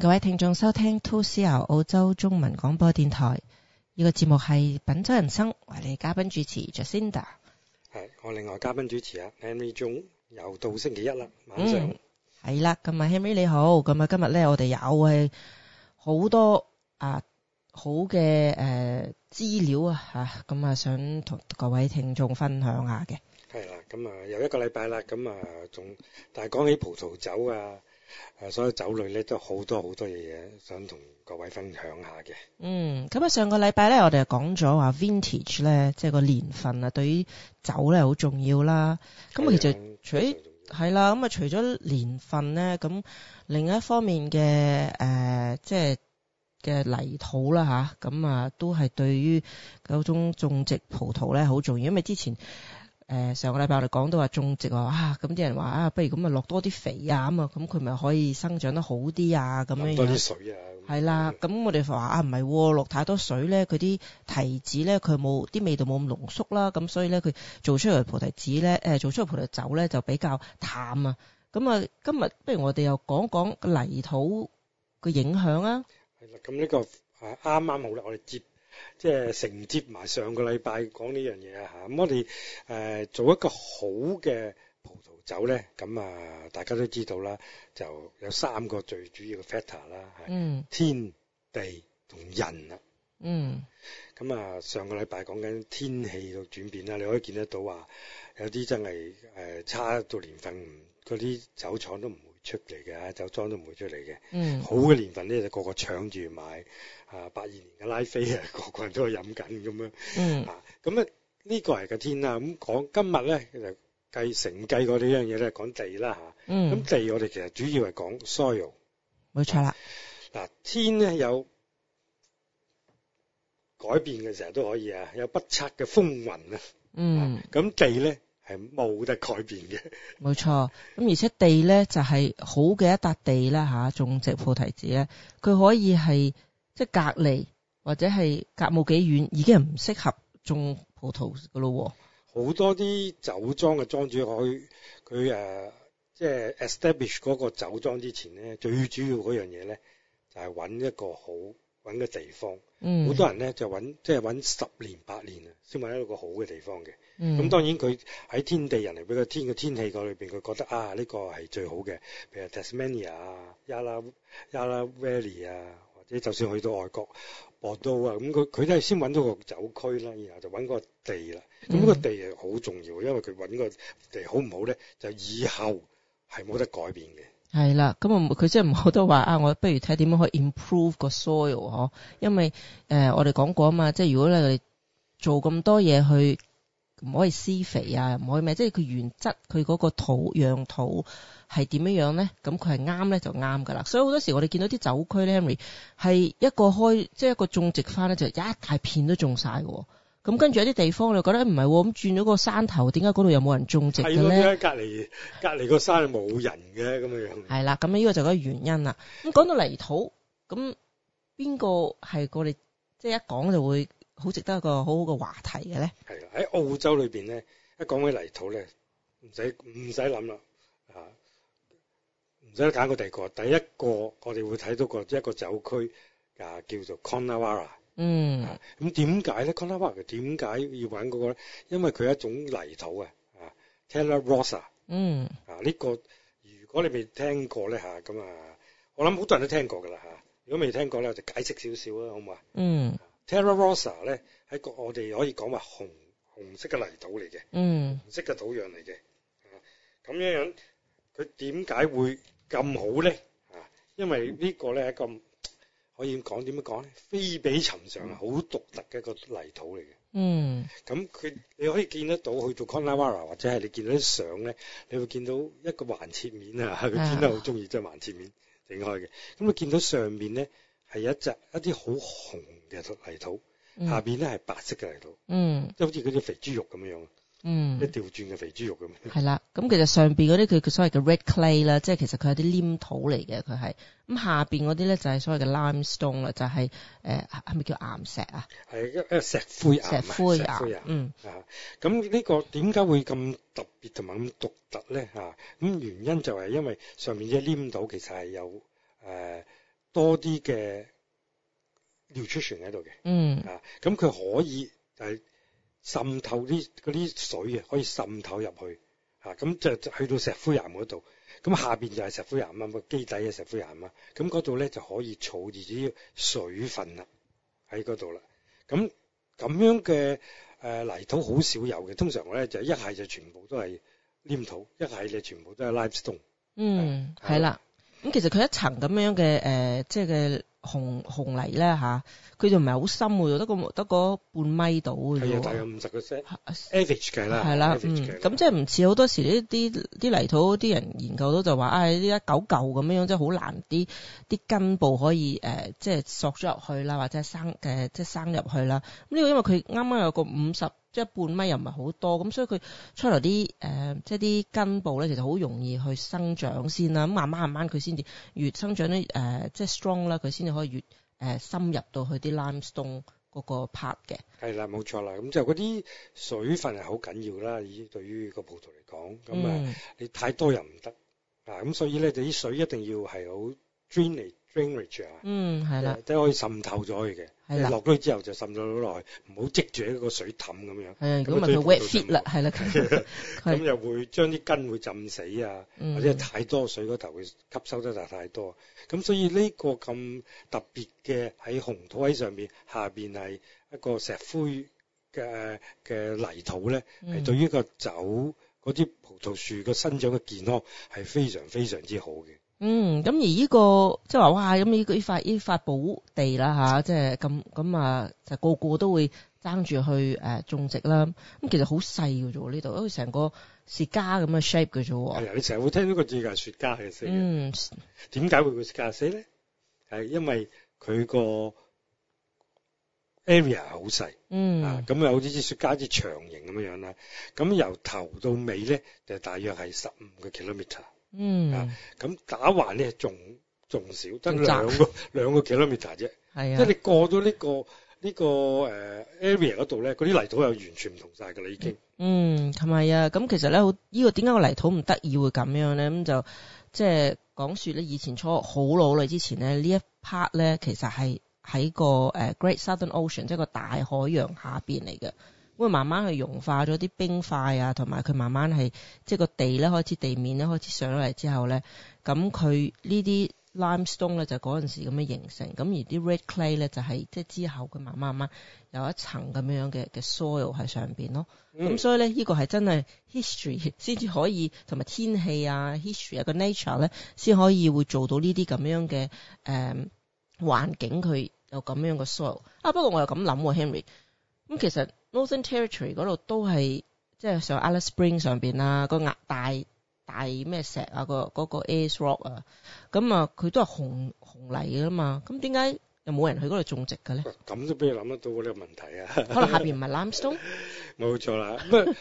各位聽眾收聽 2CR 澳洲中文廣播電台，呢、這個節目係品酒人生，我哋嘉賓主持 Jacinda，係我另外嘉賓主持啊 Henry 鐘又到星期一啦，晚上係啦，咁、嗯、啊 Henry 你好，咁啊今日咧我哋有係好多啊好嘅誒資料啊吓，咁啊想同各位聽眾分享下嘅係啦，咁啊又一個禮拜啦，咁啊仲但係講起葡萄酒啊。誒、呃，所以酒類咧都好多好多嘢，想同各位分享下嘅。嗯，咁啊，上個禮拜咧，我哋就講咗話 Vintage 咧，即係個年份啊，對於酒咧好重要啦。咁、嗯、啊，其實、嗯、除係啦，咁、嗯、啊，除咗年份咧，咁另一方面嘅誒、呃，即係嘅泥土啦吓，咁啊，都係對於嗰種種植葡萄咧好重要，因為之前。誒上個禮拜我哋講到話種植啊，咁啲人話啊，不如咁啊落多啲肥啊，咁啊，咁佢咪可以生長得好啲啊，咁樣落多啲水啊。係啦，咁、嗯、我哋話啊，唔係落太多水咧，佢啲提子咧，佢冇啲味道冇咁濃縮啦，咁所以咧佢做出嚟嘅菩提子咧，做出嚟葡萄酒咧就比較淡啊。咁啊，今日不如我哋又講講泥土嘅影響啊。啦、嗯，咁呢個啱啱好啦，我哋接。即係承接埋上，上個禮拜講呢樣嘢啊。吓，咁我哋誒、呃、做一個好嘅葡萄酒咧，咁啊，大家都知道啦，就有三個最主要嘅 factor 啦，係、嗯、天地同人啊。嗯。咁啊，上個禮拜講緊天氣嘅轉變啦、啊，你可以見得到話、啊、有啲真係誒、呃、差到年份，嗰啲酒廠都唔。出嚟嘅，酒莊都唔會出嚟嘅。嗯，好嘅年份咧，就個個搶住買。啊，八二年嘅拉菲啊，個個人都飲緊咁樣。嗯，啊，咁、啊嗯、呢個係個天啦。咁講今日咧，就計成計嗰呢樣嘢咧，講地啦咁、啊嗯、地我哋其實主要係講 soil，冇錯啦。嗱、啊，天咧有改變嘅時候都可以啊，有不測嘅風雲、啊、嗯，咁、啊、地咧。冇得改變嘅。冇錯，咁而且地咧就係、是、好嘅一笪地咧嚇，種植菩提子咧，佢可以係即係隔籬或者係隔冇幾遠，已經係唔適合種葡萄噶咯。好多啲酒莊嘅莊主可以，佢佢誒即係 establish 嗰個酒莊之前咧，最主要嗰樣嘢咧就係、是、揾一個好揾嘅地方。嗯，好多人咧就揾即係揾十年八年啊，先揾一個好嘅地方嘅。咁、嗯、當然佢喺天地人嚟，佢個天個天氣嗰裏面，佢覺得啊呢、這個係最好嘅，譬如 Tasmania 啊、Yarra Valley 啊，或者就算去到外國博多啊，咁佢佢都係先搵到個酒區啦，然後就搵個地啦。咁、那個嗯、個地係好重要，因為佢搵個地好唔好咧，就以後係冇得改變嘅。係啦，咁啊，佢真係唔好多話啊！我不如睇點樣去 improve 個 soil 呵？因為誒、呃，我哋講過啊嘛，即係如果你做咁多嘢去。唔可以施肥啊，唔可以咩？即係佢原則，佢嗰個土壤土係點樣樣咧？咁佢係啱咧就啱噶啦。所以好多時我哋見到啲酒區咧，係、mm. 一個開即係一個種植翻咧，就是、一大片都種晒喎。咁跟住有啲地方你覺覺得唔係，咁轉咗個山頭，點解嗰度又冇人種植咧？係點解隔籬隔籬個山冇人嘅咁樣樣？係啦，咁呢個就個個原因啦。咁、嗯、講到泥土，咁邊個係我哋即係一講就會？好值得一個好好嘅話題嘅咧，係喺澳洲裏邊咧，一講起泥土咧，唔使唔使諗啦，唔使揀過第二個。第一個我哋會睇到個一個酒區啊，叫做 Coonawarra。嗯。咁點解咧？Coonawarra 點解要揾嗰個咧？因為佢係一種泥土啊，Terra Rossa。Rosa, 嗯。啊！呢個如果你未聽過咧咁啊，我諗好多人都聽過㗎啦吓，如果未聽過咧，就解釋少少啦，好唔好啊？嗯。Terra Rossa 咧係一個我哋可以講話紅紅色嘅泥土嚟嘅，紅色嘅土壤嚟嘅，咁、mm. 啊、樣樣佢點解會咁好咧？啊，因為呢個咧係一個可以講點樣講咧，非比尋常啊，好獨特嘅一個泥土嚟嘅。Mm. 嗯，咁佢你可以見得到去到 Coonawarra 或者係你見到啲相咧，你會見到一個橫切面啊，佢見、uh. 得好中意即係橫切面整開嘅，咁啊見到上面咧。係一隻一啲好紅嘅泥土，下面咧係白色嘅泥土，即係好似嗰啲肥豬肉咁樣，嗯，一調轉嘅肥豬肉咁。係、嗯、啦，咁 其實上面嗰啲佢所謂嘅 red clay 啦，即係其實佢係啲黏土嚟嘅，佢係咁，下面嗰啲咧就係所謂嘅 limestone 啦、就係，就係誒係咪叫岩石啊？係一一個石灰岩、石灰岩。嗯。啊，咁呢個點解會咁特別同埋咁獨特咧？啊，咁原因就係因為上面啲黏土其實係有誒。呃多啲嘅 nutrition 喺度嘅，嗯啊，咁佢可以就係滲透啲嗰啲水啊，可以滲透入去啊，咁就去到石灰岩嗰度，咁下邊就係石灰岩啊，個基底嘅石灰岩啊，咁嗰度咧就可以儲住啲水分啦喺嗰度啦，咁咁樣嘅誒、呃、泥土好少有嘅，通常我咧就一係就全部都係黏土，一係就全部都係 limestone。嗯，係、啊、啦。咁、嗯、其實佢一層咁樣嘅誒、呃，即係嘅紅紅泥咧嚇，佢就唔係好深嘅，得個得個半米到大概五十個呎啦。係啦，嗯，咁、啊啊啊嗯嗯、即係唔似好多時呢啲啲泥土啲人研究到就話啊，呢、哎就是、一舊舊咁樣樣，即係好難啲啲根部可以誒、呃，即係索咗入去啦，或者生誒即係生入去啦。咁呢個因為佢啱啱有個五十。即係半米又唔係好多，咁所以佢出嚟啲誒，即係啲根部咧，其實好容易去生長先啦。咁慢慢慢慢佢先至越生長咧，誒、呃，即係 strong 啦，佢先至可以越誒、呃、深入到去啲 limestone 嗰個 part 嘅。係啦，冇錯啦。咁就嗰啲水分係好緊要啦，依對於個葡萄嚟講，咁啊你太多又唔得啊。咁所以咧，就啲水一定要係好 drain 嚟。l 嗯，係啦，都、就是、可以滲透咗嘅，係啦，落咗之後就滲咗好耐，唔好積住喺個水氹咁樣係，咁咪佢 wet feet 啦，係啦，咁又 是的 會將啲根會浸死啊，嗯、或者太多水嗰頭會吸收得就太多。咁所以呢個咁特別嘅喺紅土喺上邊，下邊係一個石灰嘅嘅泥土咧，係、嗯、對於個酒嗰啲葡萄樹個生長嘅健康係非常非常之好嘅。嗯，咁而呢、呢個即係話哇，咁呢個呢塊呢塊寶地啦、啊、即係咁咁啊，就個個都會爭住去誒、啊、種植啦。咁、啊、其實好細㗎啫喎，嗯、呢度因為成個雪茄咁嘅 shape 嘅啫係啊，你成日會聽到個字係雪茄嘅死嗯，點解會雪茄死咧？係因為佢個 area 好細。嗯。咁啊，好似啲雪茄啲長形咁樣樣啦。咁由頭到尾咧，就大約係十五個 kilometer。嗯，咁打橫咧，仲仲少，得兩個兩 個 kilometer 啫，係啊，即係你過咗呢、這個呢、這個誒、呃、area 嗰度咧，嗰啲泥土又完全唔同晒噶啦，已經。嗯，係咪啊？咁其實咧，好、這、呢個點解個泥土唔得意會咁樣咧？咁就即係講說咧，以前初好老啦，努力之前咧呢一 part 咧，其實係喺個誒、呃、Great Southern Ocean，即係個大海洋下邊嚟嘅。會慢慢去融化咗啲冰塊啊，同埋佢慢慢係即係個地咧開始地面咧開始上咗嚟之後咧，咁佢呢啲 limestone 咧就嗰陣時咁樣形成，咁而啲 red clay 咧就係即係之後佢慢慢慢慢有一層咁樣嘅嘅 soil 喺上面咯。咁、嗯、所以咧呢、呢個係真係 history 先至可以同埋天氣啊，history 個 nature 咧先可以會做到呢啲咁樣嘅誒、嗯、環境，佢有咁樣嘅 soil。啊不過我又咁諗喎，Henry。咁、嗯、其實 Northern Territory 嗰度都係即係上 Alice Springs 上邊啊，個崖大大咩石啊，那那個嗰個 Ayers Rock 啊，咁啊佢都係紅紅泥㗎嘛，咁點解又冇人去嗰度種植嘅咧？咁都俾你諗得到呢個問題啊！可能下邊唔係 Limestone？冇 錯啦，咁 啊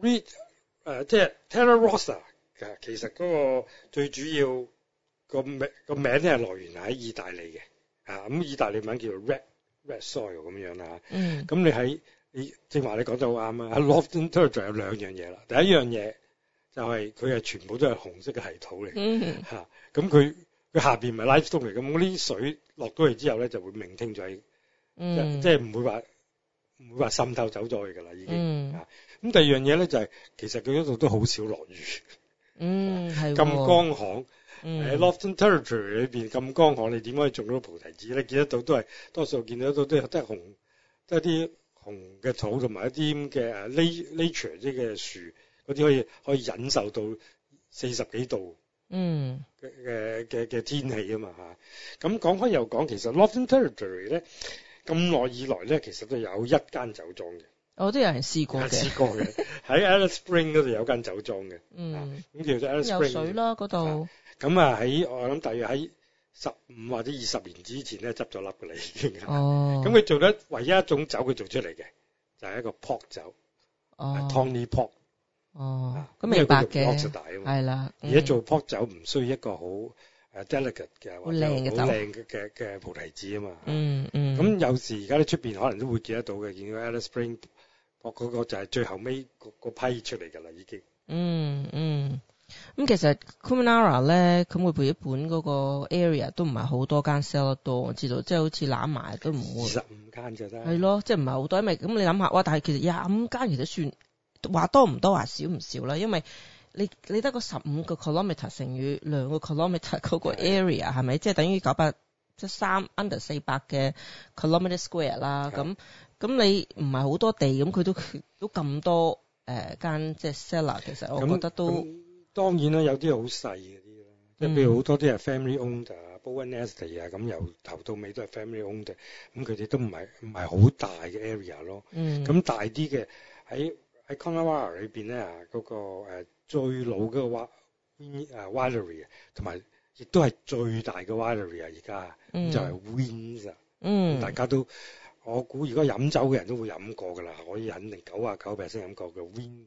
Red、呃、即係 Terra Rossa 啊，其實嗰個最主要個名個名咧係來源喺意大利嘅，啊、嗯、咁意大利名叫做 Red。red soil 咁樣啦，咁、嗯、你喺你正話你講得好啱啊。a l o f t i n t e r i o 仲有兩樣嘢啦，第一樣嘢就係佢係全部都係紅色嘅泥土嚟嚇，咁佢佢下面咪 limestone 嚟咁，嗰啲水落到嚟之後咧就會明㷫咗。即係唔會話唔會話滲透走咗去㗎啦已經咁、嗯啊、第二樣嘢咧就係、是、其實佢嗰度都好少落雨，嗯咁乾旱。啊喺、mm. uh, Lofton Territory 裏面咁乾旱，你點可以種到菩提子咧？你見得到都係多數見得到都係都係紅，都係一啲紅嘅草同埋一啲嘅 nature 啲嘅樹嗰啲，可以可以忍受到四十幾度嘅嘅嘅天氣嘛啊嘛嚇。咁講開又講，其實 Lofton Territory 咧咁耐以來咧，其實都有一間酒莊嘅。我都有人試過嘅，喺 Alice Spring 嗰度有間酒莊嘅。嗯、啊，咁叫做 Alice Spring 有水咯嗰度。咁、嗯、啊，喺我諗，大概喺十五或者二十年之前咧，執咗粒嘅嚟已經。哦、oh, 嗯。咁佢做得唯一一種酒，佢做出嚟嘅就係、是、一個波特酒。哦。Tony Port 哦。咁明白嘅。因為佢用大啊嘛。係啦。而家做波特酒唔需要一個好誒 delicate 嘅，或者好靚嘅嘅嘅葡提子啊嘛。嗯嗯。咁有時而家咧出邊可能都會見得到嘅，見到 Alice Spring 嗰個就係最後尾嗰批出嚟嘅啦，已經。嗯嗯。咁、嗯、其實 Coonawarra 咧，咁會佢一本嗰個 area 都唔係好多間 sell 得多，我知道，即係好似攬埋都唔會十五間就係咯，即唔係好多，因為咁你諗下哇，但係其實廿五間其實算話多唔多，話少唔少啦，因為你你得個十五個 kilometer 乘以兩個 kilometer 嗰個 area 係咪？即係等於九百即係三 under 四百嘅 kilometer square 啦，咁咁你唔係好多地，咁佢都都咁多、呃、間即 seller，其實我覺得都。嗯嗯。當然啦，有啲好細嗰啲啦，即係譬如好多啲係 family owned 啊、嗯、Bowen Estate 啊，咁由頭到尾都係 family owned 咁，佢哋都唔係唔係好大嘅 area 咯。咁、嗯、大啲嘅喺喺 Coonawarra 裏邊咧啊，嗰、那個、呃、最老嘅 winery 啊，同埋亦都係最大嘅 winery 啊，而家就係 Wynns 啊。嗯。嗯，大家都我估如果飲酒嘅人都會飲過㗎啦，可以肯定九啊九 percent 飲過嘅 Wynns。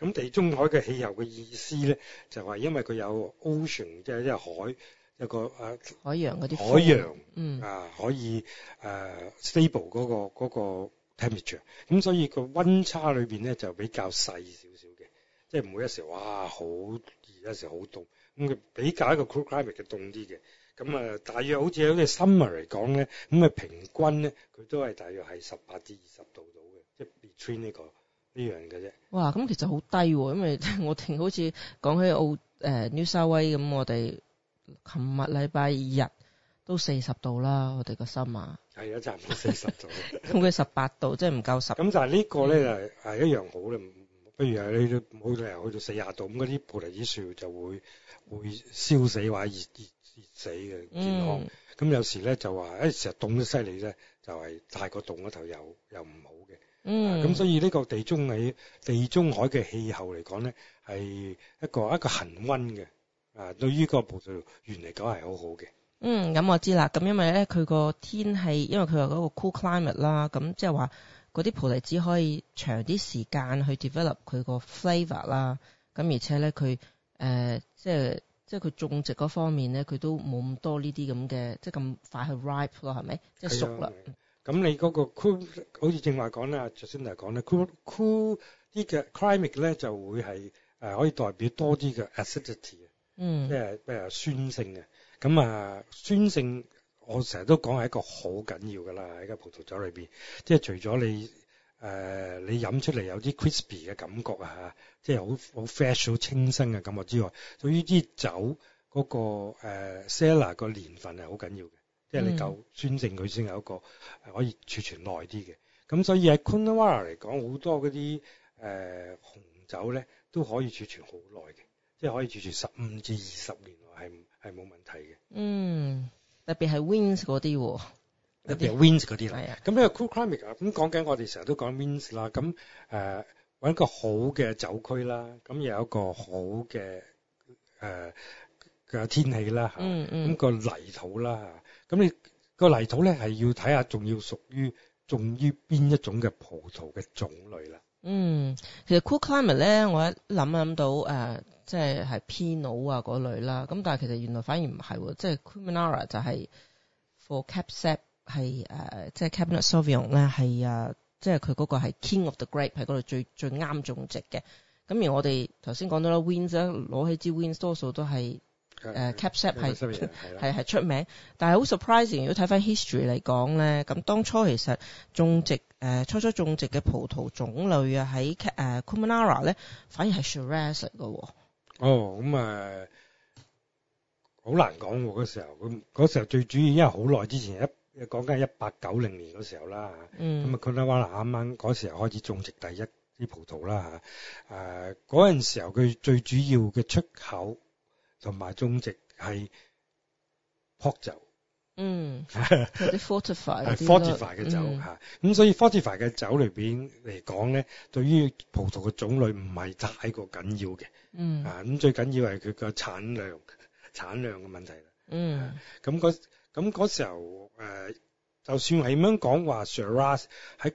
咁地中海嘅氣候嘅意思咧，就話、是、因為佢有 ocean，即係即係海有個、uh, 海洋嗰啲海洋，嗯啊可以誒、uh, stable 嗰、那個嗰、那個 temperature，咁所以個溫差裏面咧就比較細少少嘅，即係唔會一時哇好熱，一時好凍，咁佢比較一個 cool climate 嘅凍啲嘅，咁啊、嗯、大約好似有啲 summer 嚟講咧，咁、那、啊、個、平均咧佢都係大約係十八至二十度度嘅，即係 between 呢、這個。呢樣嘅啫。哇，咁其實好低喎、欸，因為我聽好似講起澳誒、呃、紐西威咁，我哋琴日禮拜日都四十度啦，我哋個心啊。係啊，差唔多四十度。咁佢十八度，即係唔夠十。咁但係呢個咧，就係係一樣好咧，不如你冇理由去到四十度，咁嗰啲菩提子樹就會會燒死或者熱熱熱死嘅健康。咁、嗯、有時咧就話，誒成日凍得犀利咧，就係太、欸就是、過凍嗰頭又又唔好。嗯，咁、啊、所以呢個地中係地中海嘅氣候嚟講咧，係一個一個恆溫嘅，啊對於個葡萄園嚟講係好好嘅。嗯，咁、嗯嗯、我知啦，咁因為咧佢個天氣，因為佢話嗰個 cool climate 啦、啊，咁即係話嗰啲葡萄只可以長啲時間去 develop 佢個 flavor 啦、啊，咁而且咧佢誒即係即係佢種植嗰方面咧，佢都冇咁多呢啲咁嘅，即係咁快去 ripe 咯，係咪？即係熟啦。嗯嗯咁你嗰個 cool 好似正話講啦，頭先講啦 cool cool 啲嘅 climate 咧就會係誒、呃、可以代表多啲嘅 acidity 啊，嗯，即係誒酸性嘅。咁啊酸性我成日都講係一個好緊要㗎啦，喺個葡萄酒裏邊，即係除咗你誒、呃、你飲出嚟有啲 crispy 嘅感覺啊，即係好好 fresh、好清新嘅感覺之外，對於啲酒嗰誒誒 cellar 個、呃、年份係好緊要嘅。 即係你夠尊正佢先有一個係可以儲存耐啲嘅。咁所以喺 Coonawarra 嚟講，好多嗰啲誒紅酒咧都可以儲存好耐嘅，即係可以儲存十五至二十年係冇問題嘅。嗯，特別係 Wines 嗰啲喎。特別係 Wines 嗰啲嚟。啊。咁呢個 Cool Climate 啊，咁講緊我哋成日都講 Wines 啦。咁搵、呃、一個好嘅酒區啦，咁又有一個好嘅誒嘅天氣啦咁、嗯嗯、個泥土啦。咁你個泥土咧係要睇下，仲要屬於種於邊一種嘅葡萄嘅種類啦。嗯，其實 cool climate 咧，我一諗啊諗到誒、呃，即係係 Pinot 啊嗰類啦。咁但係其實原來反而唔係喎，即係 Coonawarra 就係 for Cab Sav 係、呃、即係 Cabernet Sauvignon 咧係、呃、即係佢嗰個係 King of the Grape 係嗰度最最啱種植嘅。咁而我哋頭先講到啦 Wines 攞起支 Wines 多數都係。誒、uh, cap sap 係係係出名，但係好 surprising。如果睇翻 history 嚟講咧，咁當初其實種植誒、呃、初初種植嘅葡萄種類啊，喺誒 Coonawarra、呃、咧反而係 Chardonnay 嘅喎。哦，咁、嗯、啊，好難講喎。嗰時候咁嗰時候最主要，因為好耐之前一講緊係一八九零年嗰時候啦咁啊，Coonawarra 啱啱嗰時候開始種植第一啲葡萄啦嚇。嗰、啊、陣時候佢最主要嘅出口。同埋種植係撲酒，嗯，或 fortify 係 fortify 嘅酒嚇，咁所以 fortify 嘅酒裏邊嚟講咧，對於葡萄嘅種類唔係太過緊要嘅，嗯，啊，咁最緊要係佢個產量，產量嘅問題啦，嗯，咁嗰咁嗰時候誒，就算係咁樣講話 shiraz 喺。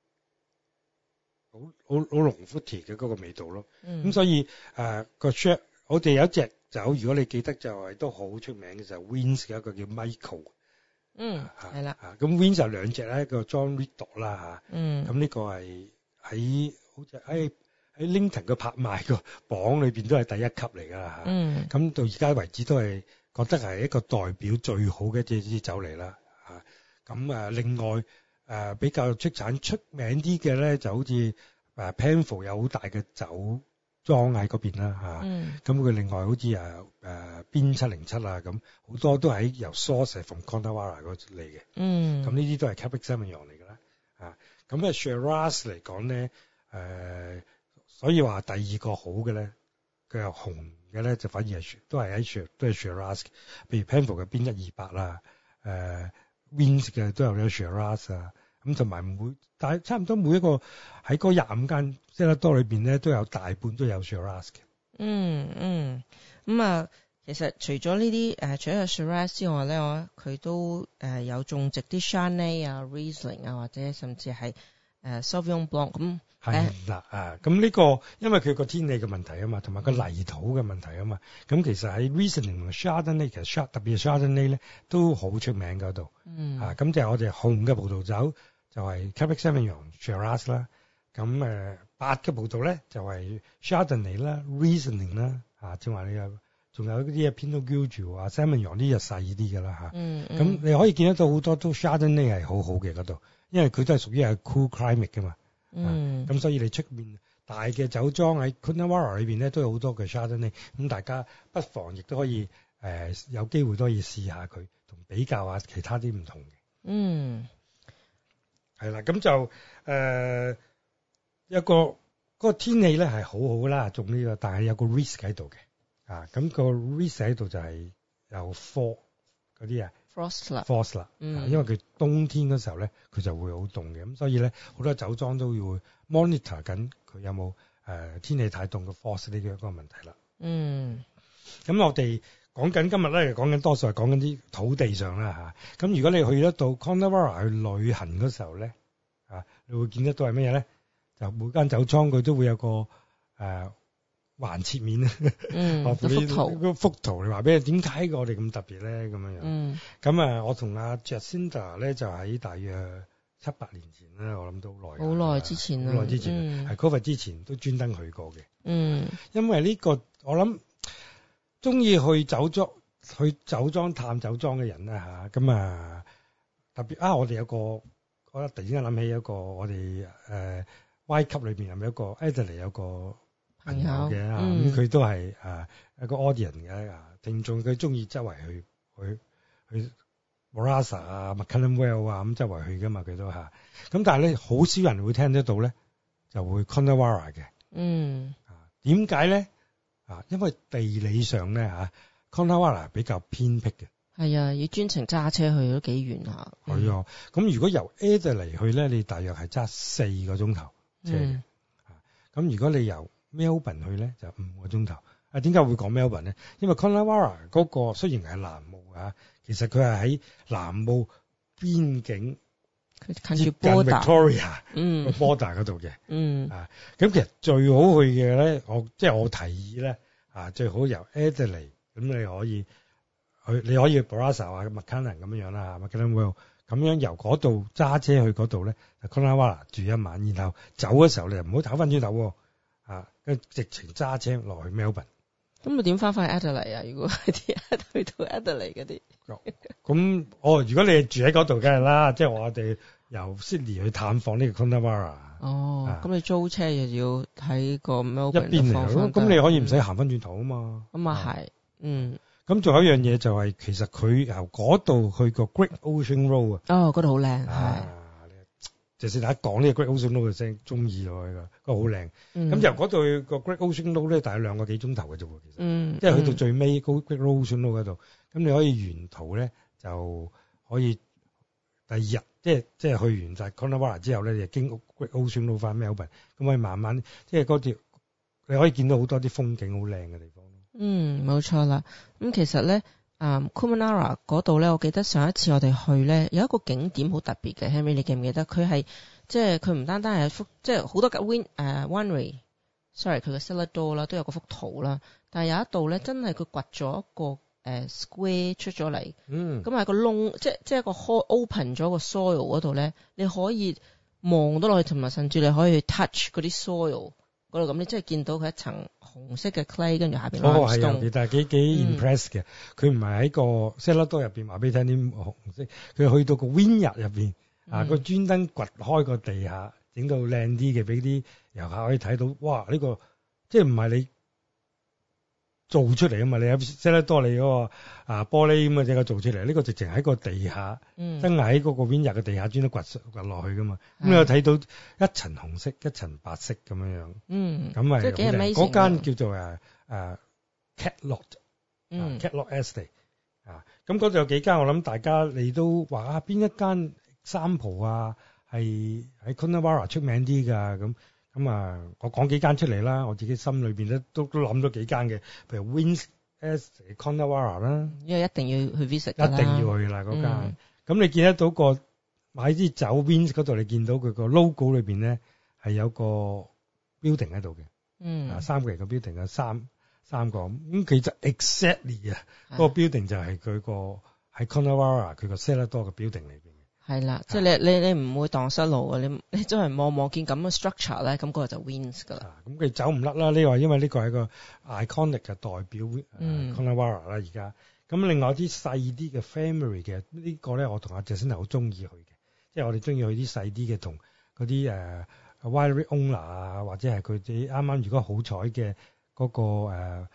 好好好濃 footy 嘅嗰個味道咯，咁所以誒個 share，我哋有一隻酒，如果你記得就係都好出名嘅就 Wynns 嘅一個叫 Michael，嗯，係啦，嚇，咁 Wynns 就兩隻咧，一個 John Riddoch 啦嚇，嗯，咁呢個係喺好似喺喺 Langton's 嘅拍賣個榜裏邊都係第一級嚟㗎啦嚇，嗯，咁到而家為止都係覺得係一個代表最好嘅一隻酒嚟啦，嚇，咁誒另外。誒比較出產出名啲嘅咧，就好似誒 Pamphole 有好大嘅酒莊喺嗰邊啦，咁佢另外好似誒誒 b 七零七啊，咁、啊、好、啊啊、多都喺由 s a u c e from c o n d a w a r a 嗰嚟嘅。咁呢啲都係 Capex 質問羊嚟㗎啦。嚇、啊，咁咧 Shiraz 嚟講咧，誒、啊啊啊、所以話第二個好嘅咧，佢、啊、又紅嘅咧，就反而係都係喺都 Shiraz，譬如 Pamphole 嘅邊一二八啊，誒、啊、Wines 嘅都有啲 Shiraz 啊。咁同埋唔會但係差唔多每一個喺嗰廿五間即拉多裏面咧，都有大半都有 Shiraz 嘅。嗯嗯，咁、嗯、啊、嗯，其實除咗呢啲除咗 Shiraz 之外咧，我佢都有種植啲 Chardonnay 啊、Riesling 啊，或者甚至係、呃、Sauvignon Blanc、嗯。咁係嗱啊，咁呢、呢個因為佢個天氣嘅問題啊嘛，同埋個泥土嘅問題啊嘛，咁、嗯嗯、其實喺 Riesling、Chardonnay 其實特別係 Chardonnay 咧都好出名嗰度。嗯啊，咁就係我哋紅嘅葡萄酒。就係、是、c a b e r e t a i g n o n Cheras 啦，咁、呃、誒八個葡萄咧就係 s h a r d e n i n g 啦、Reasoning 啦，嚇，正係話呢個仲有啲 Pino 嘢編到標住啊。s e m i g n o n 啲就細啲嘅啦嚇，咁、啊啊 Sain 啊 mm -hmm. 你可以見得到好多都 s h a r d e n i n g y 係好好嘅嗰度，因為佢都係屬於係 cool climate 嘅、啊、嘛。嗯、mm -hmm. 啊，咁所以你出面大嘅酒莊喺 Counawarra 裏邊咧都有好多嘅 s h a r d e n i n g 咁大家不妨亦都可以誒、呃、有機會都可以試一下佢，同比較下其他啲唔同嘅。嗯、mm -hmm.。係啦，咁就誒、呃、一個嗰、那個天氣咧係好好啦，仲呢、這個，但係有個 risk 喺度嘅，啊，咁、那個 risk 喺度就係有 fall 嗰啲啊 frost 啦，frost 啦，因為佢冬天嗰時候咧，佢就會好凍嘅，咁、嗯、所以咧好多酒莊都要 monitor 緊佢有冇誒、呃、天氣太凍嘅 frost 呢個嗰個問題啦。嗯，咁我哋。講緊今日咧，又講緊多數係講緊啲土地上啦嚇。咁、啊、如果你去得到 Coonawarra 去旅行嗰時候咧，啊，你會見得到係咩咧？就每間酒莊佢都會有個誒環、啊、切面咧。幅、嗯、圖。幅 圖你話俾我點解我哋咁特別咧？咁樣樣。嗯。咁啊，我同阿 Jacinda 咧就喺大約七八年前啦，我諗都好耐。好耐之前好耐、啊、之前。係、嗯、COVID 之前都專登去過嘅。嗯。因為呢、呢個我諗。中意去酒莊，去酒莊探酒莊嘅人咧，咁，啊特別啊，我哋有一個，我突然之間諗起一個我、呃、有一個我哋 Y 級裏面係咪有個 Adelaide 有個朋友嘅嚇？咁、嗯、佢、啊嗯、都係、啊、一個 Audience 嘅啊聽眾，佢中意周圍去去去 Barossa 啊、McLaren Vale 啊咁周圍去噶嘛，佢都咁、啊啊、但係咧好少人會聽得到咧，就會 Coonawarra 嘅。嗯。啊？點解咧？啊，因為地理上咧嚇，r 士 a 比較偏僻嘅，係啊，要專程揸車去都幾遠啊。係、嗯、啊，咁如果由 A 德嚟去咧，你大約係揸四個鐘頭車咁、嗯啊、如果你由 m o melbourne 去咧，就五個鐘頭。啊，點解會講 r n e 咧？因為 r 士蘭嗰個雖然係南部啊，其實佢係喺南部邊境。接近 Victoria 個 border、嗯、嗰度嘅，啊，咁其實最好去嘅咧，我即係、就是、我提議咧，啊，最好由 Adelaide 咁你可以去，你可以 Barossa 啊，McLaren 咁、啊、樣啦，McLaren Vale，咁樣由嗰度揸車去嗰度咧 Coonawarra 住一晚，然後走嘅時候你又唔好走翻轉頭喎，跟住、啊、直情揸車落去 Melbourne。咁我點翻返去阿德利啊？如果啲人去到阿德利嗰啲，咁哦，如果你住喺嗰度，梗係啦， 即係我哋由 Sydney 去探訪呢個 Coonawarra。哦，咁、啊、你租車又要睇個咩？一邊嚟，咁咁你可以唔使行翻轉頭啊嘛。咁啊係，嗯。咁、嗯、仲、嗯、有一樣嘢就係、是，其實佢由嗰度去個 Great Ocean Road、哦、啊。哦，嗰度好靚係。就先大家講呢個 Great Ocean Road 嘅聲，中意落去咯，個好靚。咁由嗰度個 Great Ocean Road 咧，大概兩個幾鐘頭嘅啫喎，其實。嗯。即係去到最尾，Go Great Ocean Road 嗰、嗯、度，咁你可以沿途咧就可以第二日，即係即係去完曬 Coonawarra 之後咧，你就經 Great Ocean Road 翻 Melbourne，咁可以慢慢，即係嗰條你可以見到好多啲風景好靚嘅地方。嗯，冇錯啦。咁其實咧。嗯、um，Coonawarra 嗰度咧，我記得上一次我哋去咧，有一個景點好特別嘅，Henry 你記唔記得？佢係即係佢唔單單係一幅，即係好多 win 誒、uh, winery，sorry，佢嘅 cellar door 啦，都有個幅圖啦。但係有一度咧，真係佢掘咗一個、uh, square 出咗嚟，嗯，咁係個窿，即係即係一個開 open 咗個 soil 嗰度咧，你可以望到落去，同埋甚至你可以去 touch 嗰啲 soil。嗰度，咁你即係見到佢一層紅色嘅 clay，跟住下邊。哦，係特別，但係幾幾 impress 嘅。佢唔係喺個 s e t t l 入面話俾你聽啲紅色，佢去到個 window 入面、嗯，啊，佢專登掘開個地下，整到靚啲嘅，俾啲遊客可以睇到。哇！呢、呢個即係唔係你。做出嚟啊嘛，你有即得多你嗰個啊玻璃咁啊，即刻做出嚟。呢、這個直情喺個地下，真係喺個個邊 i 嘅地下磚都掘掘落去噶嘛。咁你又睇到一層紅色，一層白色咁樣、嗯、樣。嗯，咁啊嗰間叫做 catlock，c a t l o c k estate 啊，咁嗰度有幾間，我諗大家你都話啊，邊一間三浦啊係喺 c o n n a r r a 出名啲㗎咁。啊咁、嗯、啊，我講幾間出嚟啦，我自己心裏邊咧都都諗咗幾間嘅，譬如 Wynns Coonawarra 啦，因為一定要去 visit 一定要去啦嗰間，咁、嗯、你見得到，那個買支酒 Wynns 嗰度，你見到佢個 logo 裏邊咧係有個 building 喺度嘅，嗯，啊三個人嘅 building 啊三三個咁、嗯，其實 exactly 啊，嗰、那個、building 就係佢個喺 Coonawarra 佢個 sell 得多嘅 building 嚟。係啦、啊，即係你你你唔會蕩失路啊，你你真係望望見咁嘅 structure 咧，咁嗰個就 wins 㗎啦。咁佢走唔甩啦。呢個因為呢個係一個 iconic 嘅代表 Coonawarra 啦，而、嗯、家。咁、呃嗯、另外啲細啲嘅 family 嘅呢個咧，我同阿 Jacinda 係好中意佢嘅，即係我哋中意去啲細啲嘅同嗰啲誒 winery owner 啊，或者係佢啲啱啱如果好彩嘅嗰個、呃、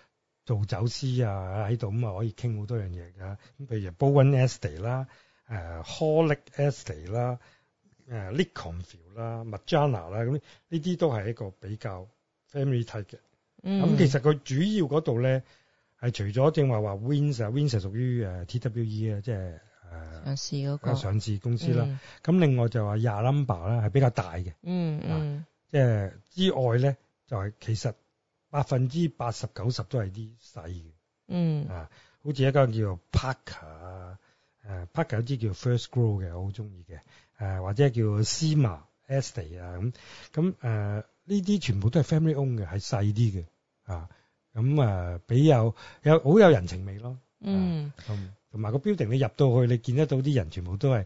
做走私啊喺度，咁啊可以傾好多樣嘢㗎。咁譬如 Bowen Estate 啦。誒 Hollick Estate 啦，誒 Leconfield 啦，Majella 啦，咁呢啲都係一個比較 family type 嘅、mm -hmm. uh, uh, uh, 那個。咁其實佢主要嗰度咧，係除咗正話話 Wins，Wins 係屬於 TWE 啊，即係誒上市嗰個上市公司啦。咁另外就話廿 number 啦，係比較大嘅。嗯。即係之外咧，就係其實百分之八十九十都係啲細嘅。嗯。啊，好似一家叫做 Parker。誒 p 有一支叫 First Grow 嘅，我好中意嘅。誒、呃，或者叫 Sima Estate 啊，咁咁誒，呢、呃、啲全部都係 family own 嘅，係細啲嘅。啊，咁、嗯、啊、呃，比較有好有，有人情味咯。啊、嗯。同、嗯、埋個 building 你入到去，你見得到啲人，全部都係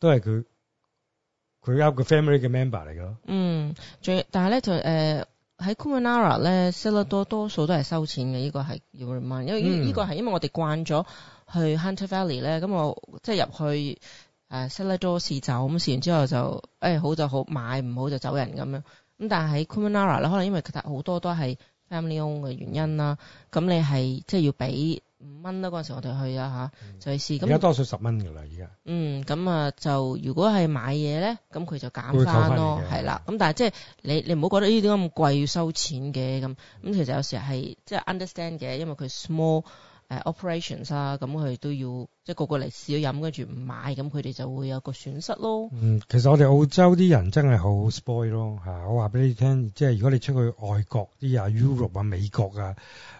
都係佢佢 o u 個 family 嘅 member 嚟嘅。嗯。仲但係咧就誒喺 Coonawarra 咧 sell 得多多數都係收錢嘅。呢、呢個係要問，因為呢個係因為我哋慣咗。嗯去 Hunter Valley 咧，咁我即係入去誒 cellar door 試酒，咁、呃、試,試完之後就誒、哎、好就好買，唔好就走人咁樣。咁但係 Coonawarra 啦可能因為其實好多都係 family own 嘅原因啦，咁你係即係要俾五蚊啦，嗰陣時候我哋去啊吓，就係試。而家多數十蚊嘅啦，而家。嗯，咁啊就如果係買嘢咧，咁佢就減翻咯，係啦。咁但係即係你你唔好覺得呢啲咁貴要收錢嘅咁，咁其實有時係即 understand 嘅，因為佢 small。誒 operations 啊，咁佢都要即係個個嚟試咗飲，跟住唔買，咁佢哋就會有個損失咯。嗯，其實我哋澳洲啲人真係好 spoil 咯嚇、啊，我話俾你聽，即係如果你出去外國啲啊 Europe 啊、嗯、美國啊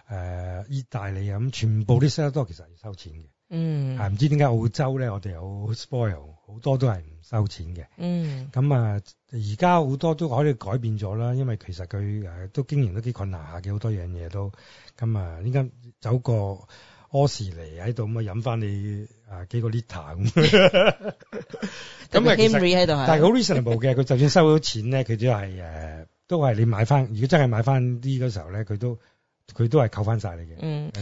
誒、啊、意大利啊咁、嗯，全部啲 sell 得多其實係收錢嘅。嗯，唔、啊、知點解澳洲咧，我哋有 spoil 好多都係唔收錢嘅。嗯，咁啊，而家好多都可以改變咗啦，因為其實佢、啊、都經營都幾困難下嘅，好多樣嘢都。咁啊，依家走過屙士尼喺度咁啊，飲、嗯、翻你啊、呃、幾個 liter 咁 特別笑、嗯。咁啊 Henry 喺度但係好 reasonable 嘅，佢 就算收到錢咧，佢、就是啊、都係都係你買翻。如果真係買翻啲嗰時候咧，佢都佢都係扣翻晒你嘅。嗯。啊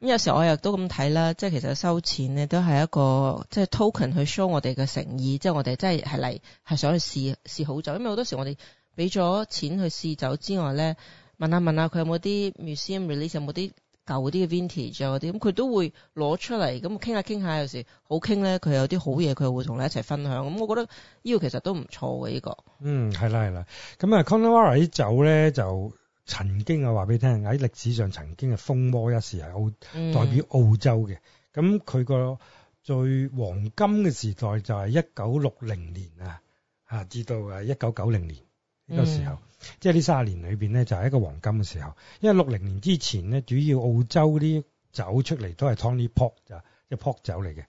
咁、嗯、有時我又都咁睇啦，即係其實收錢咧都係一個即係、就是、token 去 show 我哋嘅誠意，即、就、係、是、我哋真係係嚟係想去試試好酒，因為好多時我哋俾咗錢去試酒之外咧，問下問下佢有冇啲 museum release 有冇啲舊啲嘅 vintage 啲，咁佢都會攞出嚟咁傾下傾下，有時好傾咧，佢有啲好嘢佢會同你一齊分享，咁我覺得呢個其實都唔錯嘅呢個。嗯，係啦係啦，咁啊 Coonawarra 啲酒咧就。曾經啊，話俾你聽，喺歷史上曾經係風魔一時，係澳代表澳洲嘅。咁佢個最黃金嘅時代就係一九六零年啊，嚇，至到啊一九九零年呢個時候，嗯、即係呢卅年裏邊咧，就係一個黃金嘅時候。因為六零年之前咧，主要澳洲啲酒出嚟都係 Tawny Port 就即係 Port 酒嚟嘅。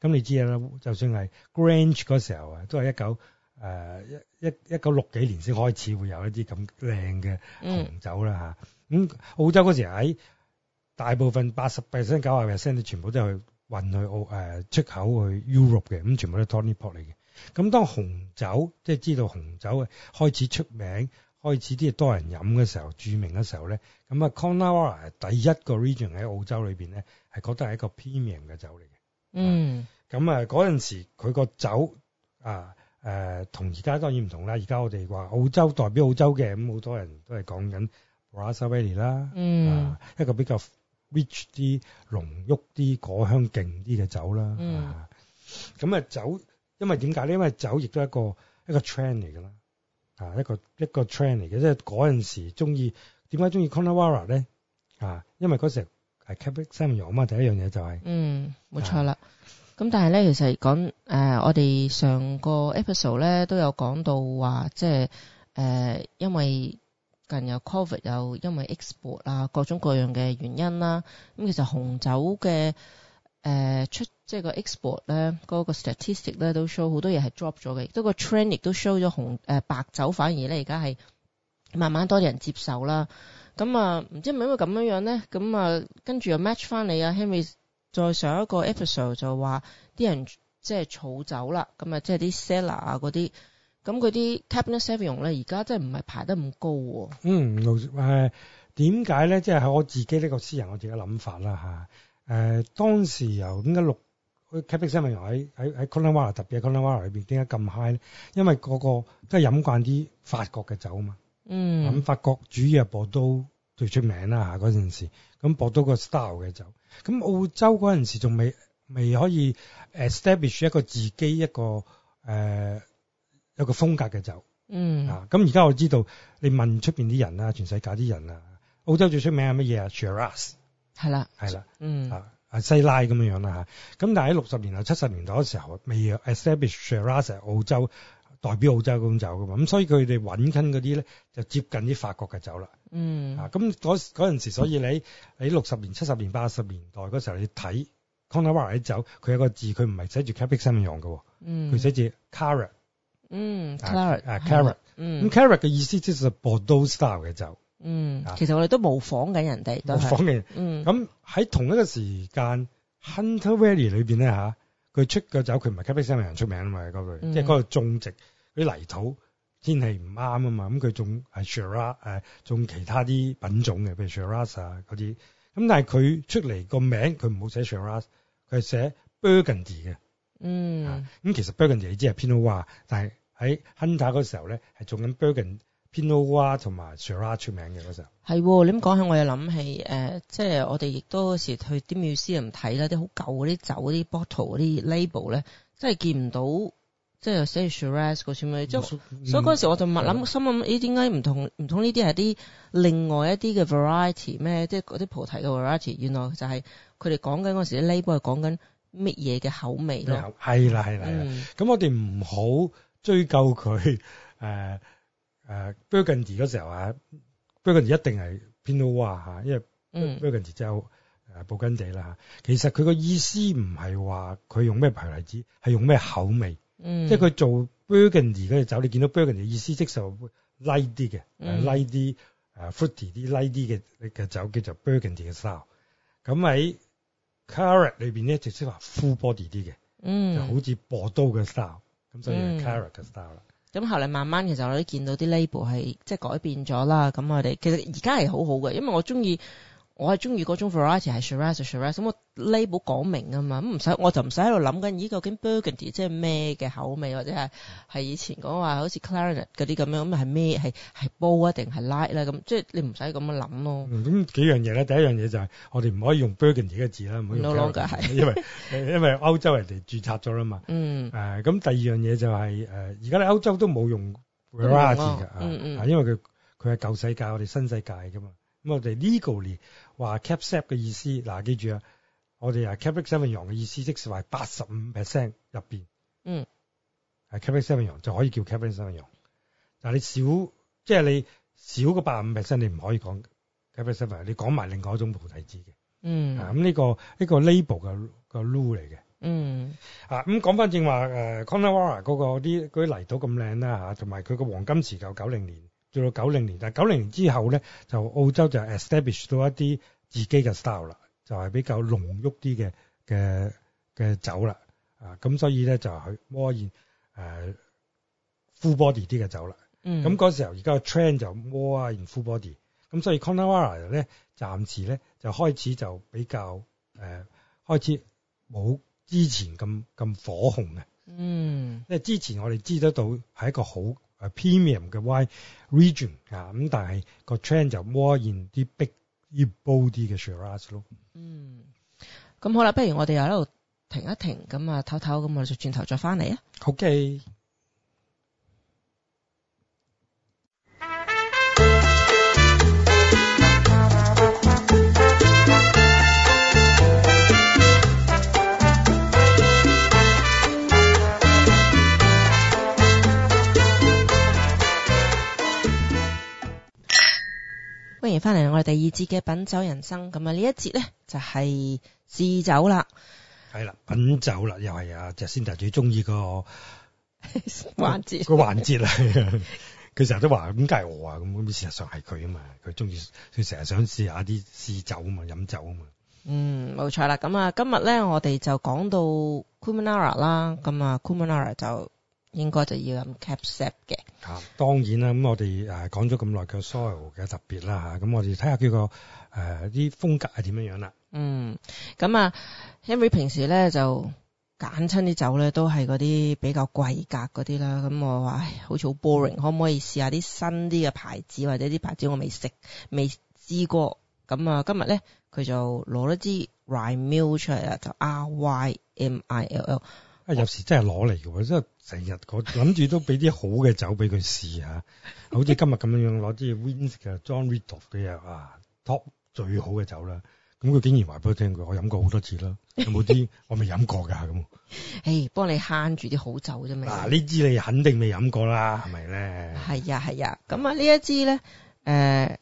咁你知啦，就算係 Grange 嗰時候啊，都係一九。誒一一一九六幾年先開始會有一啲咁靚嘅紅酒啦嚇。咁、mm. 嗯、澳洲嗰時喺大部分八十 percent、九啊 percent，全部都係運去澳出口去 Europe 嘅，咁全部都 Tony Port 嚟嘅。咁、嗯、當紅酒即係知道紅酒開始出名，開始啲多人飲嘅時候，著名嘅時候咧，咁啊，Coonawarra 第一個 region 喺澳洲裏面咧，係覺得係一個 premium 嘅酒嚟嘅。Mm. 嗯，咁啊，嗰陣時佢個酒啊～誒同而家當然唔同啦，而家我哋話澳洲代表澳洲嘅，咁、嗯、好多人都係講緊 Barossa Valley 啦、嗯啊，一個比較 rich 啲、濃郁啲、果香勁啲嘅酒啦，咁、嗯、啊、嗯嗯、酒，因為點解呢？因為酒亦都一個一個 trend 嚟㗎啦，啊一個一個 trend 嚟嘅，即係嗰陣時鍾意點解鍾意 Coonawarra n 呢、啊？因為嗰時係 Cabernet Sauvignon 嘛，第一樣嘢就係、是、嗯，冇錯啦。啊。咁、嗯、但係咧，其實講誒、呃，我哋上個 episode 咧都有講到話，即係誒、呃，因為近有 COVID 又因為 export 啊，各種各樣嘅原因啦。咁、嗯、其實紅酒嘅誒、呃、出即係個 export 咧，嗰、那個 statistic 咧都 show 好多嘢係 drop 咗嘅。亦都個 train 亦都 show 咗紅、呃、白酒反而咧而家係慢慢多啲人接受啦。咁啊，唔知係咪因為咁樣樣咧？咁啊，跟住又 match 翻你啊，Henry。Henry's, 再上一個 episode 就話啲人走即係儲酒啦，咁啊即係啲 seller 啊嗰啲，咁嗰啲 Cabernet Sauvignon 咧而家真係唔係排得咁高，啊。嗯，誒點解咧？即係喺我自己呢個私人我自己嘅諗法啦吓，誒、呃、當時由點解六 Cabernet Sauvignon 喺喺喺 Coonawarra 特別 Coonawarra 裏邊點解咁 high 咧？因為個個都係飲慣啲法國嘅酒啊嘛。嗯。咁、嗯、法國主要係波都最出名啦嚇嗰陣時。咁搏到個 style 嘅就，咁澳洲嗰陣時仲未未可以 establish 一個自己一個一個、呃、一個風格嘅就，嗯，啊，咁而家我知道你問出面啲人啦、啊，全世界啲人啊，澳洲最出名係乜嘢啊？Shiraz 係啦，係啦，嗯，啊，啊西拉咁樣樣啦嚇，咁但係喺六十年代七十年代嘅時候未 establish Shiraz 喺澳洲。代表澳洲咁酒噶嘛，咁所以佢哋揾緊嗰啲咧就接近啲法國嘅酒啦。嗯，啊，咁嗰嗰陣時，所以你喺六十年、七十年、八十年代嗰時候，你睇 Coonawarra 啲酒，佢有個字，佢唔係寫住 Cabernet Sauvignon 嘅，嗯，佢寫住 Carrot，嗯、啊 Carrot 啊。嗯啊，Carrot，啊、嗯、Carrot。咁 Carrot 嘅意思即係波爾多 style 嘅酒。嗯，啊、其實我哋都模仿緊人哋，都係模仿嘅。咁、嗯、喺同一個時間、嗯、Hunter Valley 裏邊咧嚇，佢、啊、出嘅酒佢唔係 Cabernet Sauvignon 出名啊嘛，嗰句、嗯，即係嗰個種植。啲泥土天氣唔啱啊嘛，咁佢種係 Shiraz 種其他啲品種嘅，譬如 Shiraz 嗰啲，咁但係佢出嚟個名佢唔好寫 Shiraz，佢係寫 Burgundy 嘅。嗯、啊。咁其實 Burgundy 你知係 Pinot Noir，但係喺亨塔嗰時候咧係種緊 Burgundy Pinot Noir 同埋 Shiraz 出名嘅嗰時候，係喎、哦，你咁講起，呃、我又諗起即係我哋亦都嗰時去啲釣師入面睇啦，啲好舊嗰啲酒嗰啲 bottle 嗰啲 label 咧，真係見唔到。即係有住 shiraz 嗰啲咁即係所以嗰陣時我就默諗心諗：咦，點解唔同唔同呢啲係啲另外一啲嘅 variety 咩？即係嗰啲葡萄嘅 variety。原來就係佢哋講緊嗰陣時啲 label 係講緊乜嘢嘅口味咯。係啦，係啦，咁、嗯、我哋唔好追究佢誒誒、呃呃、burgundy 嗰時候啊 burgundy 一定係 pinot 哇、啊、嚇，因為 burgundy 就誒布根地啦、嗯啊、其實佢個意思唔係話佢用咩牌子，係用咩口味。嗯、即係佢做 Burgundy 嗰酒，你見到 Burgundy 意思即係就是 light 啲嘅、嗯 uh，light 啲，fruity 啲，light 啲嘅嘅酒，叫做 Burgundy 嘅 style。咁喺 carrot 裏邊咧，就即係話 full body 啲嘅，嗯，就好似波刀嘅 style，咁、嗯、所以就 carrot 嘅 style 啦。咁、嗯、後嚟慢慢其實我哋都見到啲 label 係即係改變咗啦。咁我哋其實而家係好好嘅，因為我中意。我係中意嗰種 variety 係 shiraz 就 shiraz 咁，我 label 講明啊嘛，咁唔使我就唔使喺度諗緊，咦究竟 Burgundy 即係咩嘅口味，或者係係以前講話好似 Claret 嗰啲咁樣，咁係咩係係 bold 定係 light 咧？咁即係你唔使咁樣諗咯。嗯，咁幾樣嘢咧，第一樣嘢就係我哋唔可以用 Burgundy 嘅字啦，唔可以攞攞㗎係，因為因為， 因為歐洲人哋註冊咗啦嘛。嗯、呃。誒，咁第二樣嘢就係、是、誒，而家喺歐洲都冇用 variety 㗎、啊嗯嗯、因為佢佢係舊世界，我哋新世界㗎嘛。嗯嗯、我哋 legally 話 cap set a 嘅意思，嗱記住啊，我哋啊 Cabernet Sauvignon 嘅意思即是話八十五 percent 入邊，嗯，係 Cabernet Sauvignon 就可以叫 Cabernet Sauvignon。但係你少，即係你少個八五 percent，你唔可以講 Cabernet Sauvignon，你講埋另外一種菩提子嘅，嗯，咁呢個呢個 label 嘅嘅 rule 嚟嘅，嗯，啊咁、嗯嗯嗯啊嗯嗯嗯啊嗯、講翻正話誒 Coonawarra 嗰個啲嗰啲泥土咁靚啦嚇，同埋佢個黃金持久九零年。做到九零年，但係九零年之後咧，就澳洲就 establish 到一啲自己嘅 style 啦，就係、是、比較濃郁啲嘅嘅嘅酒啦，啊咁所以咧就去 more full body 啲嘅酒啦。嗯。咁嗰時候而家嘅 trend 就 more full body，咁所以 Coonawarra 咧暫時咧就開始就比較誒、呃、開始冇之前咁咁火紅嘅。嗯。因為之前我哋知得到係一個好。Uh, premium 嘅 Y region 嚇，咁但係個 trend 就 more in 啲 big 要 bold 啲嘅 Shiraz 咯。嗯，咁好啦，不如我哋又喺度停一停，咁啊，唞唞，咁啊，就轉頭再翻嚟啊。好嘅。歡迎翻嚟我哋第二節嘅品酒人生，咁啊呢一節咧就係試酒啦。係啦，品酒啦，又係啊 Jacinda 最中意、 哦、個環節個環節啊！佢成日都話，點 解我啊？咁事實上係佢啊嘛！佢中意佢成日想試一下啲試酒啊嘛，飲酒啊嘛。嗯，冇錯啦。咁啊，今日咧我哋就講到 Coonawarra 啦、嗯，咁啊 Coonawarra 就。應該就要飲 Cab Sauv 嘅。嚇，當然啦。咁我哋講咗咁耐嘅 soil 嘅特別啦，咁我哋睇下佢個啲風格係點樣樣啦。嗯，咁啊，因為平時咧就揀親啲酒咧都係嗰啲比較貴格嗰啲啦。咁我話，好似好 boring，可唔可以試下啲新啲嘅牌子或者啲牌子我未食未知過？咁啊，今日咧佢就攞咗支 rymill 出嚟啊，就 r y m i l l。 啊！有時真係攞嚟嘅，即係成日我諗住都俾啲好嘅酒俾佢試下，好似今日咁樣樣攞支 Wynns 嘅 John Riddoch 嘅嘢啊，Top 最好嘅酒啦。咁佢竟然話俾我聽，佢我飲過好多次啦。 有冇啲我未飲過㗎咁？誒 幫你慳住啲好酒啫嘛。嗱、啊，呢支你肯定未飲過啦，係咪咧？係呀，係呀。咁啊，啊一呢一支咧，誒、呃，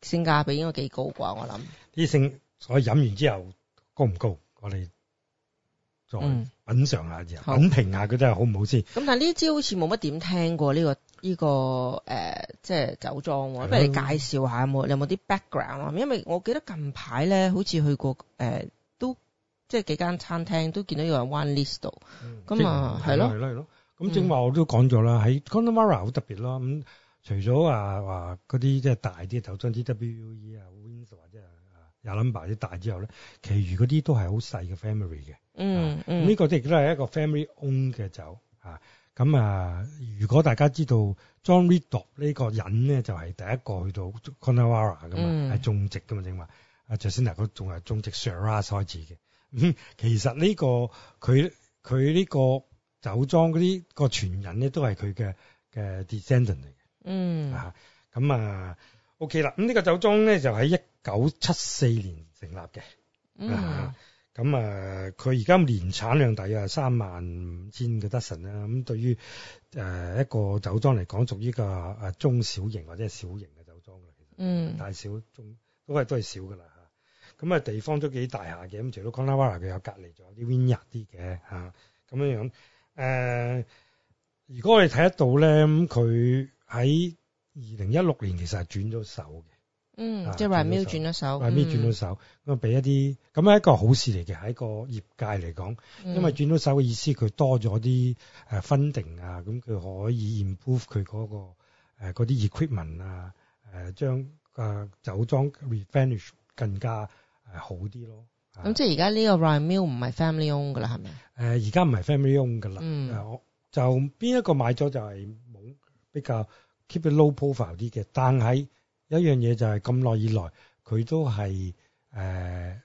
性價比應該幾高啩？我諗啲性我飲完之後高唔高？我哋品嘗啊，咁評啊，佢真係好唔好先？咁但係呢支好似冇乜點聽過呢、這個呢個誒即係酒莊，不如你介紹下有冇有冇啲 background 啊？因為我記得近排咧，好似去過誒、呃、都即係幾間餐廳都見到有人 one list 到。咁、嗯嗯嗯、啊，係咯。係係咯咯，咁正話我都講咗啦，喺 Coonawarra 好特別咯。咁除咗啊話啲即係大啲嘅酒莊，T W E 啊，Wynns 啊，即、啊、係。啊有 number 啲大之後咧，其餘嗰啲都係好細嘅 family 嘅。嗯、啊、嗯，呢個亦都係一個 family owned 嘅酒。嚇、啊，咁啊，如果大家知道 John Riddoch 呢個人咧，就係、是、第一個去到 Coonawarra 噶嘛，係、嗯、種植噶嘛正話。啊，Jason 啊，佢仲係種植 Shiraz 賽茲嘅。其實呢、這個佢佢呢個酒莊嗰啲個傳人咧，都係佢嘅嘅 descendant 嚟嘅。嗯。啊，咁啊。O K 啦，咁、嗯、呢、這個酒莊咧就喺一九七四年成立嘅，咁、mm -hmm. 啊，佢而家年產量大約係三萬五千嘅德臣啦，咁、嗯、對於誒、呃、一個酒莊嚟講，屬於個、啊、中小型或者係小型嘅酒莊啦、mm -hmm. 啊，嗯，其實大小中嗰都係都係少噶啦吓，咁啊地方都幾大下嘅，咁、嗯、除咗 Coonawarra 佢有隔離咗啲 Vineyard 啲嘅吓，咁、啊、樣樣誒、呃，如果我哋睇得到咧，咁佢喺。二零一六年其實係轉咗手嘅，嗯，啊、即係 Rymill 轉咗手 Rymill 轉咗手，咁啊俾一啲咁係一個好事嚟嘅，係一個業界嚟講、嗯，因為轉咗手嘅意思了一些，佢多咗、uh, 啲誒 funding 啊，咁佢可以 improve 佢嗰、那個嗰啲、啊、equipment 啊，誒將誒、啊、酒莊 revenish 更加誒、啊、好啲咯。咁、嗯啊、即係而家呢個 Rymill 唔係 family own 噶啦，係咪？誒、呃，而家唔係 family own 噶啦，我、嗯呃、就邊一個買咗就係冇比較。keep 啲 low profile 啲嘅、就是，但係有一樣嘢就係咁耐以來，佢都係誒、呃，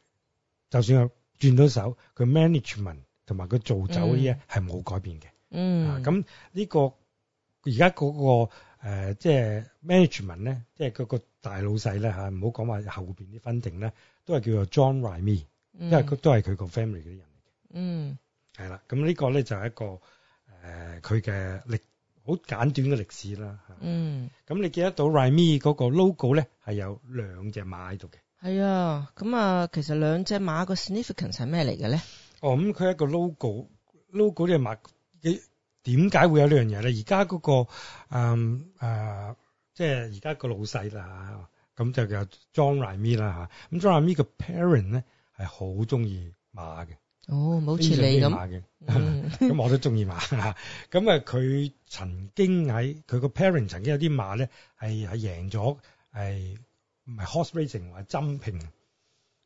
就算佢轉咗手，佢 management 同埋佢做酒啲嘢係冇改變嘅。嗯、啊，咁呢、呢個而家嗰個即係 management 咧，即係嗰個大老細咧吓，唔好講話後邊啲 financing 咧，都係叫做 John Rymill，因為佢都係佢個 family 嗰啲人嚟嘅。嗯，係啦，咁呢個咧就係、係、一個誒，佢嘅力。呃好簡短嘅歷史啦，嗯，咁、嗯、你記得到 Rymill 嗰個 logo 咧係有兩隻馬喺度嘅，係啊，咁、嗯、啊，其實兩隻馬個 significance 係咩嚟嘅咧？哦，咁、嗯、佢一個 logo，logo 呢 logo 馬嘅點解會有件事呢樣嘢咧？而家嗰個嗯誒、呃，即係而家個老細啦，咁就叫 John Rymill 啦嚇，咁 John Rymill 個 parent 咧係好中意馬嘅。哦，冇似你咁，咁、嗯、 我都中意馬。咁 啊，佢曾經喺佢個 parent 曾經有啲馬咧，係係贏咗，係唔係 horse racing 或者 jumping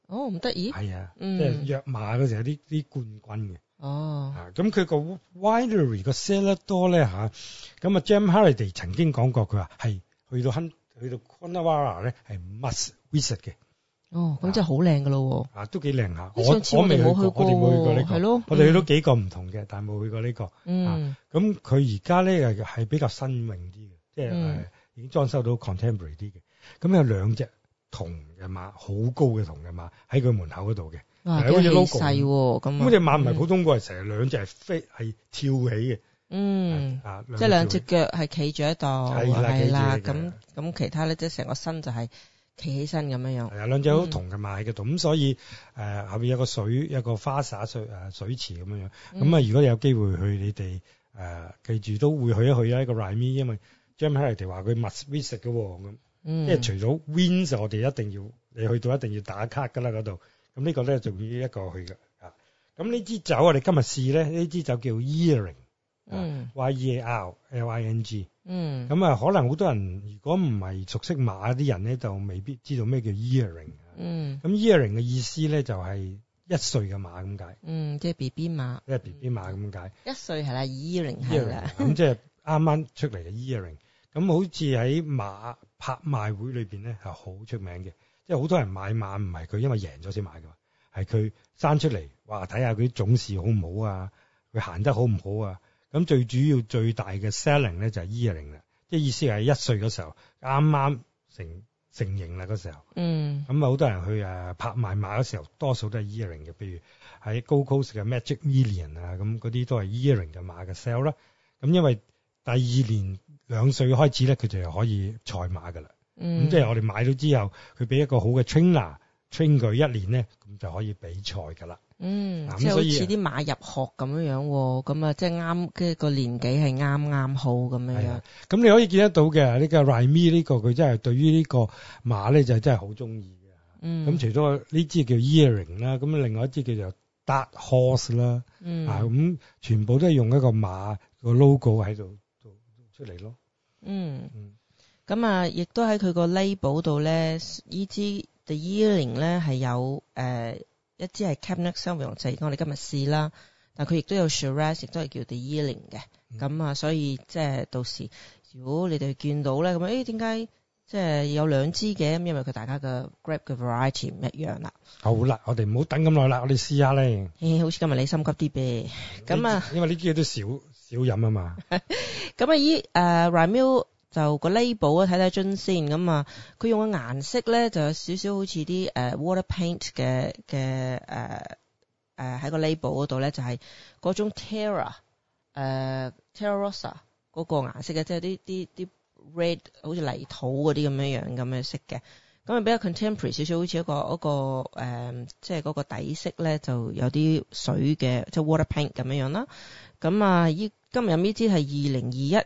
哦，唔得意。係啊，嗯、即係約馬時候，啲啲冠軍嘅。哦。咁佢個 winery 個 cellar 多咧吓，咁啊 James Halliday 曾經講過，佢話係去到 Hunt, 去到 Coonawarra 咧係 must visit 嘅。哦，咁即係好靚噶咯喎！啊，都幾靚下，我我未去過，我哋冇去過呢、啊呢個，係咯，我哋去咗幾個唔同嘅，但係冇去過呢個。嗯，咁佢而家咧係比較新穎啲嘅，即係、啊、已經裝修到 contemporary 啲嘅。咁、嗯嗯嗯、有兩隻銅嘅馬，好高嘅銅嘅馬喺佢門口嗰度嘅。哇，幾得意細喎咁。咁隻、啊嗯、馬唔係普通個飛，成日兩隻係跳起嘅。嗯，啊，即、啊、係兩隻腳係企住喺度，係、嗯啊、啦，係咁咁其他咧，即係成個身就係、是，企起身咁樣樣，係、嗯、啊，兩隻好同嘅嘛喺度，咁所以誒、呃、後面有個水，有一個花灑水水池咁樣樣，咁、嗯、啊如果你有機會去你哋誒、呃、記住都會去一去啊，一個 Rymill 因為 James Halliday 哋話佢 must visit 嘅喎咁，因為除咗 Wins 我哋一定要，你去到一定要打卡噶啦嗰度。咁呢個咧就一個去嘅啊，咁呢支酒我哋今日試咧，呢支酒叫 Yearling。嗯，yearling，嗯，咁啊、嗯，可能好多人如果唔係熟悉馬啲人咧，就未必知道咩叫 yearling 嗯，咁 yearling 嘅意思咧就係一歲嘅馬，咁解。嗯，即係 B B 馬，即係 B B 馬，咁解。一歲係啦，yearling 係啦，咁 即係啱啱出嚟嘅 yearling 咁好似喺馬拍賣會裏邊咧係好出名嘅，即係好多人買馬唔係佢，唔係佢因為贏咗先買嘅，係佢生出嚟，哇睇下佢啲種事好唔好啊，佢行得好唔好啊？咁最主要最大嘅 selling 咧就係 yearling 啦，即係意思係一歲嗰時候啱啱成成型啦嗰時候，嗯，咁啊好多人去誒拍賣馬嗰時候多數都係 yearling 嘅，比如喺 Gold Coast 嘅 Magic Million 啊，咁嗰啲都係 yearling 嘅馬嘅 sell 啦。咁因為第二年兩歲開始咧，佢就係可以賽馬噶啦，嗯，咁即係我哋買到之後，佢俾一個好嘅 trainer train 佢一年咧，咁就可以比賽噶啦。嗯，即係好似啲馬入殼咁樣樣，咁啊，即係啱嘅個年紀係啱啱好咁樣樣，嗯。咁、啊嗯、你可以見得到嘅呢、這個 Rymill 呢、這個佢真係對於呢個馬咧就真係好中意嘅。嗯，咁除咗呢支叫 Yearling 啦，咁另外一支叫做 Dark Horse 啦、嗯，啊咁全部都係用一個馬個 logo 喺度做出嚟咯。嗯，咁、嗯、啊，亦都喺佢個 label 度咧，呢支 the Yearling 咧係有誒。呃一支係 Cabernet Sauvignon，我哋今日試啦。但佢亦都有 Shiraz，亦都係叫 the Yearling 嘅。咁、嗯、啊、嗯，所以即係到時，如果你哋見到咧，咁誒點解即係有兩支嘅？咁因為佢大家嘅 grape 嘅 variety 唔一樣啦。好啦，我哋唔好等咁耐啦，我哋試下咧。咦，好似今日你心急啲唄？咁啊，因為呢啲嘢都少少飲啊嘛。咁、 嗯、啊，咦誒 Rymill。就個 label 啊，睇睇樽先咁啊。佢用嘅顏色咧，就有少少好似啲誒 water paint 嘅嘅誒喺個 label 嗰度咧，就係、是、嗰種 Terra,、uh, terra 誒 Terra Rossa 嗰個顏色嘅，即係啲啲啲 red 好似泥土嗰啲咁樣樣咁樣色嘅。咁、嗯、啊比較 contemporary 少少好、那個，好似一個一個、嗯、即係嗰個底色咧就有啲水嘅，即係 water paint 咁樣樣啦。咁、嗯、啊，依今日呢支係二零二一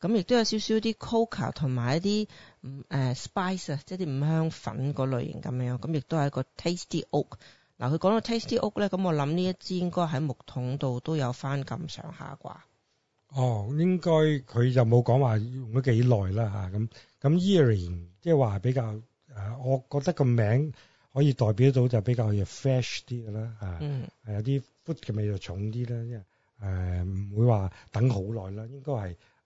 咁亦都有少少啲 cocoa 同埋一啲、呃、spice 啊，即啲五香粉嗰類型咁樣。咁亦都係一個 tasty oak。嗱，佢講到 tasty oak 咧，咁我諗呢一支應該喺木桶度都有翻咁上下啩。哦，應該佢就冇講話用咗幾耐啦吓，咁咁 Yearling 即係話比較、呃、我覺得個名可以代表到就比較 fresh 啲啦嗯，啊、有啲 food 嘅味就重啲啦，即係唔會話等好耐啦，應該係。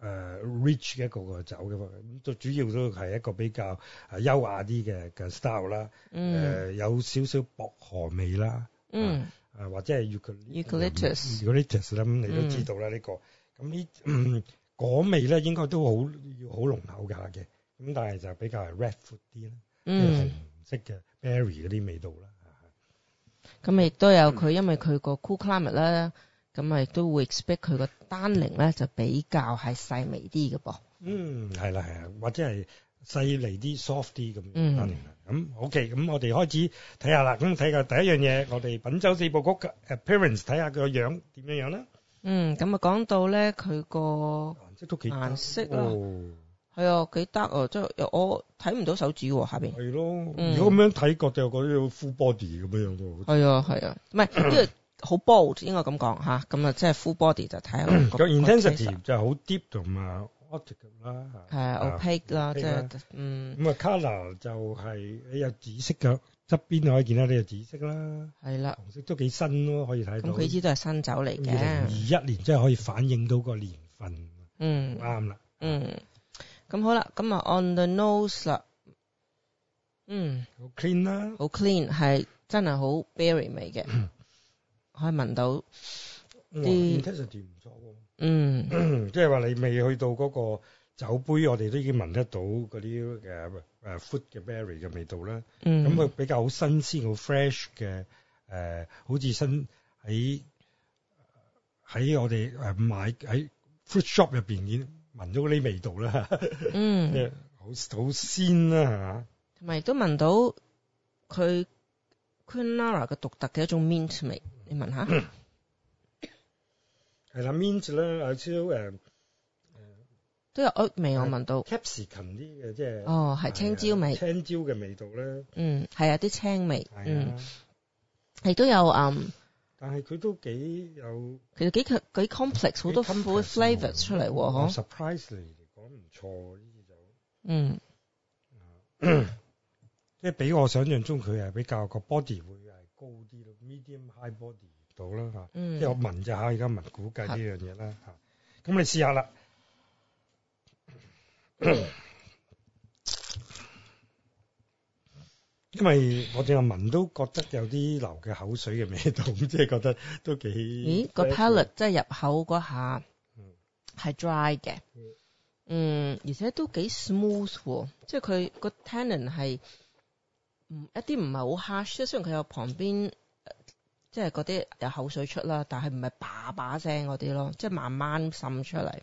誒、uh, rich 嘅一個個酒嘅，咁就主要都係一個比較優雅啲嘅嘅 style 啦，誒、mm. 呃、有少少薄荷味啦，誒、mm. 啊、或者係 eucalyptus eucalyptus 啦，咁你都知道啦呢、呢個，咁、mm. 呢、嗯、果味咧應該都好好濃厚㗎嘅，咁但係就比較 red fruit 啲啦，即係紅色嘅 berry 嗰啲味道啦嚇。咁亦都有佢，因為佢個 cool climate 啦。咁咪都會 expect 佢個單寧咧就比較係細微啲嘅噃。嗯，係啦、啊，係啊，或者係細膩啲、soft 啲咁，嗯，單寧咁 OK，咁我哋開始睇下啦。咁睇下第一樣嘢，我哋品酒四部曲 appearance 睇下個樣點樣樣啦。嗯，咁啊講到咧佢個顏色都幾顏色係啊，幾得啊！即係、哦啊、我睇唔到手指下面，係咯、啊。如果咁樣睇，就覺得有啲 full body 咁樣樣都係啊，係啊，唔係即係。 好 bold，應該咁講吓，咁啊、嗯、即係 full body 就睇下。 嗯個 intensity 個個個個個個個個就係好 deep 同埋 opaque 啦，係、啊嗯、opaque 啦、啊，即係嗯。咁、嗯、啊 color 就係你有紫色嘅側邊可以見到，你有紫色，紫色啦，係啦，紅色都幾新咯、啊，可以睇到。佢呢都係新酒嚟嘅。二一年真係可以反映到個年份，嗯，啱啦，嗯。咁好啦，咁啊 on the nose 啦，嗯，好 clean 啦、啊，好 clean 係真係好 berry 味嘅。嗯.可以聞到啲，嗯，即係話你未去到嗰個酒杯，我哋都已經聞得到嗰啲嘅誒 fruit 嘅 berry 嘅味道啦。咁佢、 嗯、比較好新鮮，好 fresh 嘅誒、呃，好似新喺喺我哋誒、啊、買喺 fruit shop 入邊已經聞到嗰啲味道啦。 嗯，好 好鮮啦、啊、嚇，同埋亦都聞到佢 Coonawarra 嘅獨特嘅一種 mint 味。你聞下，係啦，mean 咧，阿超誒都有屋味，我聞到。capsicum 啲嘅即係哦，係青椒味，青椒嘅味道咧，嗯，係啊，啲青味，嗯，係都有啊，但係佢都幾有，其實幾幾 complex 好多好多 flavours 出嚟喎，嗬。surprisingly 嚟講唔錯，呢支酒。嗯，即係比我想象中佢係比較個 body 會係高啲。medium high body 到啦嚇，即我聞就下而家聞估計呢樣嘢啦嚇。咁你試下啦，因為我淨係聞都覺得有啲流嘅口水嘅味道， 即係覺得都幾咦個 那 palate 即係入口嗰下係、mm. dry 嘅，mm. 嗯，而且都幾 smooth 喎， 即係佢個 tannin 係唔一啲唔係好 harsh，即雖然佢有旁邊。即係嗰啲有口水出啦，但係唔係把把聲嗰啲咯，即係慢慢滲出嚟、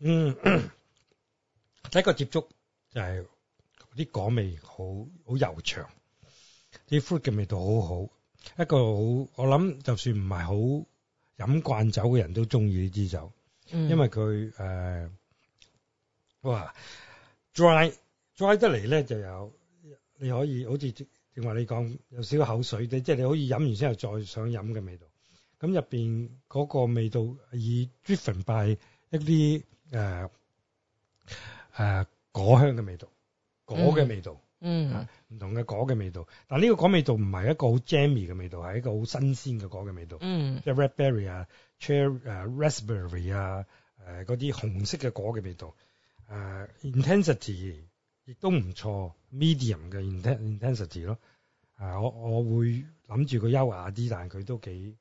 嗯。嗯，第一個接觸就係、是、啲果味好好悠長，啲 fruit 嘅味道好好，一個好我諗就算唔係好飲慣酒嘅人都中意呢支酒，嗯、因為佢誒、呃、哇 dry dry 得嚟咧就有你可以好似。定話你講有少少口水嘅，即係你可以飲完之後又再想飲嘅味道。咁入邊嗰個味道以 driven by 一啲誒誒果香嘅味道，果嘅味道，嗯，唔、啊嗯、同嘅果嘅味道。但係呢個果味道唔係一個好 jammy 嘅味道，係一個好新鮮嘅果嘅味道。嗯，即係 red berry 啊、cherry、uh, raspberry 啊、誒嗰啲紅色嘅果嘅味道。誒、uh, intensity。亦都唔錯，medium 嘅 intensity 咯。啊，我我會諗住佢優雅啲，但佢都幾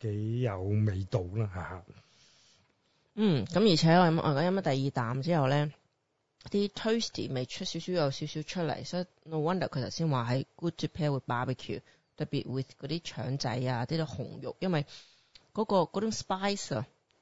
幾有味道啦。嗯，咁而且我而家飲咗第二啖之後咧，啲 toasty 味出少少有少少出嚟，所以 no wonder 佢頭先話係 good to pair with barbecue，特別 with 嗰啲腸仔啊，啲紅肉，因為嗰個嗰種 spice 啊。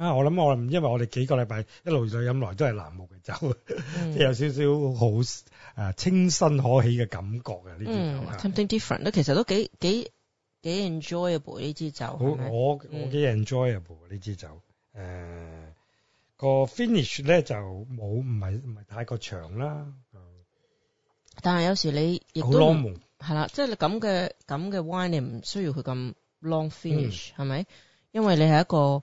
啊！我諗我，因為我哋幾個禮拜一路就飲來都係藍木嘅酒，即、嗯、係 有少少好誒、啊、清新可喜嘅感覺嘅呢支酒。嗯、something different 都其實都幾幾幾 enjoyable 呢支酒。好，我我幾 enjoyable、嗯呃、呢支酒誒個 finish 咧就冇唔係唔係太過長、嗯、啦。但係有時你亦都係啦，即係咁嘅咁嘅 wine，你唔需要佢咁 long finish 係、嗯、咪？因為你係一個。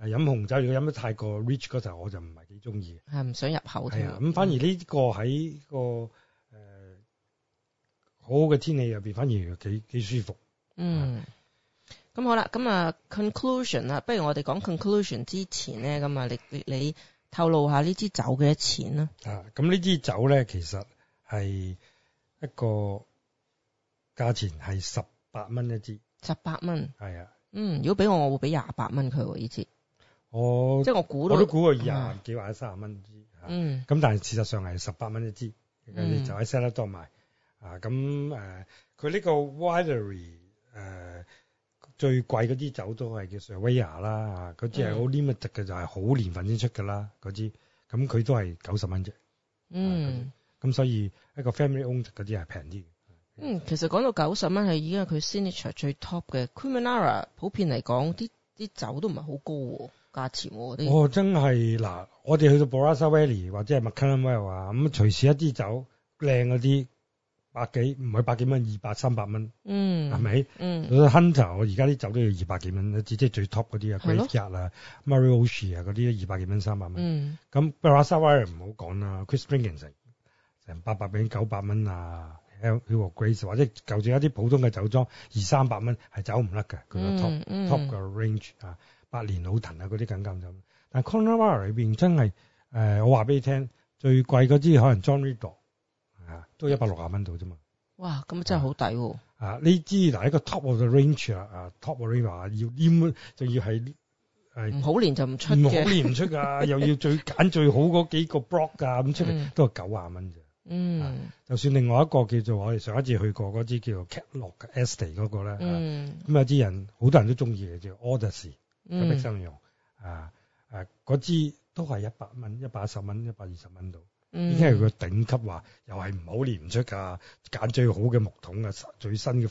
誒，飲紅酒如果飲得太過 rich 嗰陣，我就唔係幾中意嘅，係唔想入口。係啊，咁反而呢個喺個誒好好嘅天氣入邊，反而幾幾、呃、舒服。嗯，咁好啦，咁啊，conclusion 啦，不如我哋講 conclusion 之前咧，咁啊，你你透露下呢支酒幾多錢啦？啊、嗯，咁呢支酒咧，其實係一個價錢係十八蚊一支，十八蚊，係啊，嗯，如果俾我，我會俾廿八蚊佢，呢支。哦，即我估，我都估個廿幾或者三十蚊一支，嗯，咁但係事實上係十八蚊一支，嗯，就喺 cellar door 賣啊。咁誒，佢、呃、呢個 winery、呃、最貴嗰啲酒都係叫 Shirley 啦。啊，佢只係好 limited 嘅，就係好年份先出嘅啦。嗰支咁佢都係九十蚊啫。嗯。咁所以一個 family owned 嗰啲係平啲。嗯，其實講到九十蚊係已經係佢 signature 最 top 嘅。Coonawarra 普遍嚟講，啲啲酒都唔係好高喎。價錢我啲，哦，真係嗱，我哋去到 Barossa Valley 或者係 McLaren Vale 啊，咁、嗯、隨時一啲酒靚嗰啲百幾唔係百幾蚊，二百三百蚊，嗯，係咪？嗯，Hunter 而家啲酒都要二百幾蚊，即係最 top 嗰啲啊，Graveyard 啊 Maurice O'Shea 啊嗰啲二百幾蚊三百蚊。咁 Barossa Valley 唔好講啦，Chris Ringland 成成八百幾九百蚊啊 Hill of Grace 或者就算一啲普通嘅酒莊二三百蚊係走唔甩嘅，佢個 top、嗯嗯、top 嘅 range 啊。百年老藤啊，嗰啲更加咁。但係 Coonawarra 裏面真係誒、呃，我話俾你聽，最貴嗰支可能 John Riddoch 啊，都一百六十蚊度啫嘛。哇！咁真係好抵喎、啊。啊，呢、啊、支嗱一、啊這個 top of the range 啊、uh, top of the range 要黏，仲要係唔好年就唔出，唔好年唔出啊， 又要最揀最好嗰幾個 block 啊，咁出嚟都係九、 嗯、十蚊啫。嗯。就算另外一個叫做我哋上一次去過嗰支叫做 Katnook Estate 嗰、那個咧，嗯，咁有啲人好多人都中意嘅叫 Odyssey 嘅壁生用、嗯、啊誒嗰、啊、支都係一百蚊、一百一十蚊、一百二十蚊度。已經係佢個頂級話，又係唔好連唔出架、啊，揀最好嘅木桶啊，最新嘅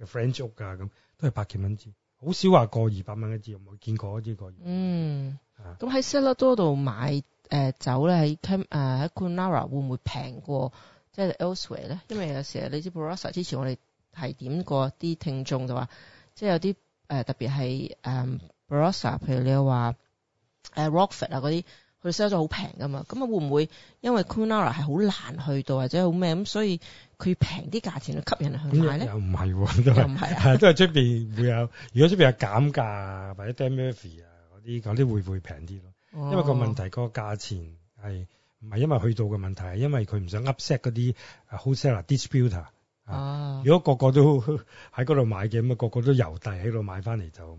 嘅 French Oak 啊，咁，都係百幾蚊支，好少話過二百蚊一支，有冇見過嗰支過一支？嗯，咁喺 cellar door 度買誒、呃、酒咧，喺誒喺 Coonawarra 會唔會平過即係 elsewhere 咧？因為有時你知 Barossa 之前我哋係點過啲聽眾就話，即係有啲誒、呃、特別係誒。呃 Rosser，譬如你又話誒 Rockford 啊嗰啲，佢 sell 咗好平噶嘛，咁啊會唔會因為 Coonawarra 係好難去到或者好咩咁，所以佢平啲價錢去吸引人去買咧？又唔係、啊，都係、啊、都係出邊會有。如果出邊有減價或者 Dan Murphy 啊嗰啲，嗰啲會唔會平啲咯。因為個問題、個價錢係唔係因為去到嘅問題，係因為佢唔想 upset 嗰啲 hotel distributor、啊啊、如果個個都喺嗰度買嘅，咁啊個個都郵遞喺度買翻嚟就。